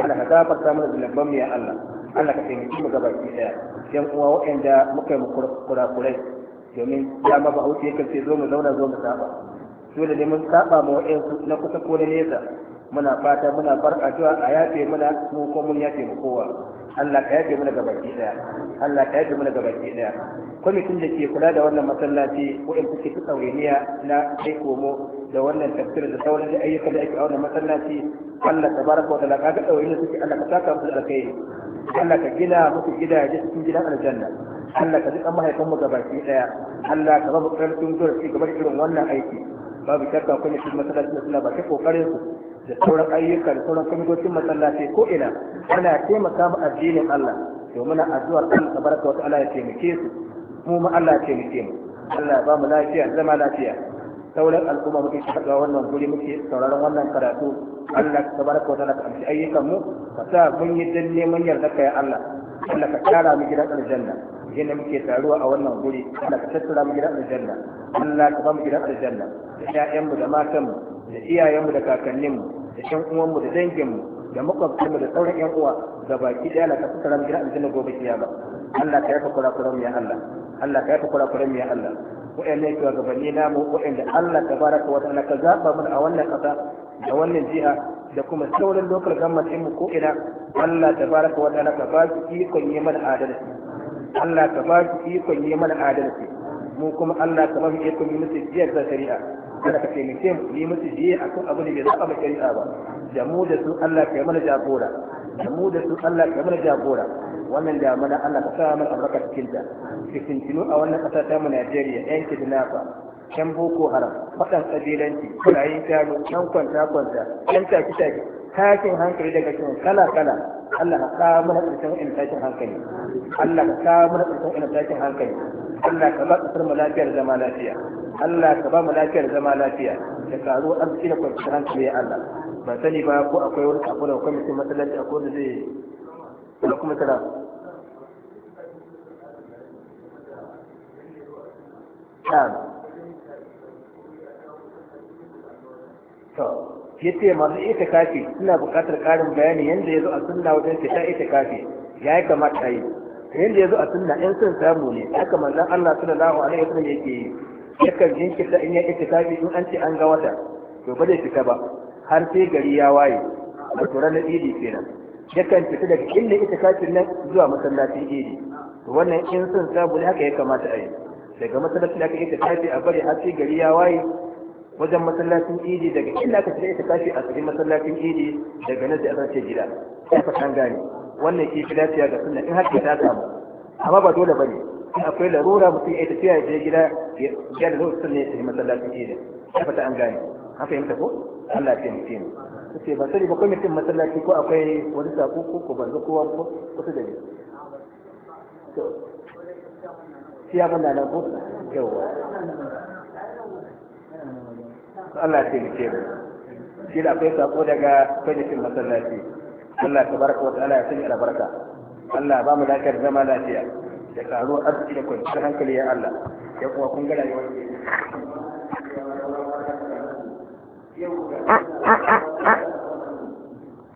Allah ka gafarta mana zunuban ya Allah Allah ka taimaki mu gabaki daya yan uwa waɗanda muka yi mu kurakurai domin dama ba hausa yakan ce zo mu zauna zo mu saba dole ne mun saba ma wa'ansu na kusa ko na nesa muna fata muna barka cewa a yafe muna mu ko mun yafe mu kowa Allah ka yafe muna gabaki daya Allah ka yafe muna gabaki daya kwamitin da ke kula da wannan masallaci in suke fi wuriya na kai komo da wannan tafsir da sauran da ayyuka da ake a wannan masallaci Allah tabaraka wa ta'ala kaga tsawainiya suke Allah ka saka musu kai Allah ka gina muku gidaje cikin gidan aljanna Allah ka duka mahaifan mu gabaki daya Allah ka babu karfin zuwa ci gaba irin wannan aiki babu shakka kuma shi masallacin suna ba ke kokarin ku da sauran ayyuka da sauran kwamitocin masallaci ko ina ana taimaka mu addinin Allah domin addu'ar Allah tabaraka wa ta'ala ya taimake su mu ma Allah ya taimake mu Allah ba mu lafiya zama lafiya sauran al'umma muke shiga wannan guri muke sauraron wannan karatu Allah ta baraka wa ta'ala ka amshi ayyukan mu ka sa mun yi dan neman yarda ka ya Allah Allah ka kara mu gidan aljanna yadda muke taruwa a wannan guri Allah ka tattara mu gidan aljanna Allah ka ba mu gidan aljanna da ƴaƴan mu da matan mu da iyayen mu da kakannin mu da ƴan uwan mu da dangin mu da makwabtan mu da sauran ƴan uwa da baki da Allah ka tattara mu gidan aljanna gobe kiyama Allah ka yafa kurakuran mu ya Allah Allah ka yafa kurakuran mu ya Allah wa'annan shugabanni namu wa'anda Allah tabaraka wa ta'ala ka zaba mana a wannan kasa da wannan jiha da kuma sauran local government ɗin mu ko ina Allah tabaraka wa ta'ala ka ba su ikon yi mana adalci Allah ka ba su ikon yi mana adalci mu kuma Allah ka ba mu ikon yi musu jiyar da shari'a kada ka taimake mu yi musu jiya akan abu ne bai zaba mu shari'a ba da mu da su Allah ka yi mana jagora da mu da su Allah ka yi mana jagora wannan damana Allah ka sa mana albarka cikin ta fitintinu a wannan ƙasa ta mu Najeriya yanki da nafa yan boko haram faɗan ƙabilanci kurayen shanu yan kwanta kwanta yan taki taki tashin hankali daga cikin kala kala Allah ka kawo mana ƙarshen irin tashin hankali Allah ka kawo mana ƙarshen irin tashin hankali Allah ka ba ƙasar mu lafiyar zama lafiya Allah ka ba mu lafiyar zama lafiya da karuwar arziki da kwanci hankali ya Allah ban sani ba ko akwai wani abu da kwamitin masallaci akwai wanda zai da kuma tara Thank ya ce masu ita kafi suna buƙatar ƙarin bayani yadda ya zo a sunna wajen fita ita kafi ya yi kamata a yi yadda ya zo a sunna in sun samu ne ya haka manzon Allah suna sallallahu alaihi wasallam yake yi yakan jinkirta in ya ita kafi in an ce an ga wata to ba zai fita ba har sai gari ya waye wato na idi kenan yakan fita daga inda ita kafi nan zuwa masallacin idi to wannan in sun samu ne haka ya kamata a yi daga masallacin da aka ita kafi a bari har sai gari ya waye wajen masallacin idi daga inda aka shirya ita tashi a cikin masallacin idi daga nan sai a sace gida Ya ka san gane wannan ke fi lafiya ga sunna in har ke ta samu amma ba dole bane in akwai larura mutum ya tafiya ya je gida ya da zuwa sunna ya tafi masallacin idi Ya fata an gane an fahimta ko Allah ya mutum ne sai ba sani ba komai mutum masallaci ko akwai wani sako ko ko banzo kowa ko wasu da ne siya ban da na ko yawa Allah ya taimake mu shi da akwai sako daga kwamitin masallaci Allah ta baraka wata Allah ya sanya albarka Allah ba mu lafiyar zama lafiya da karo arziki da kwanciyar hankali ya Allah ya kuma kun gana yawan yau ah, ah, ah,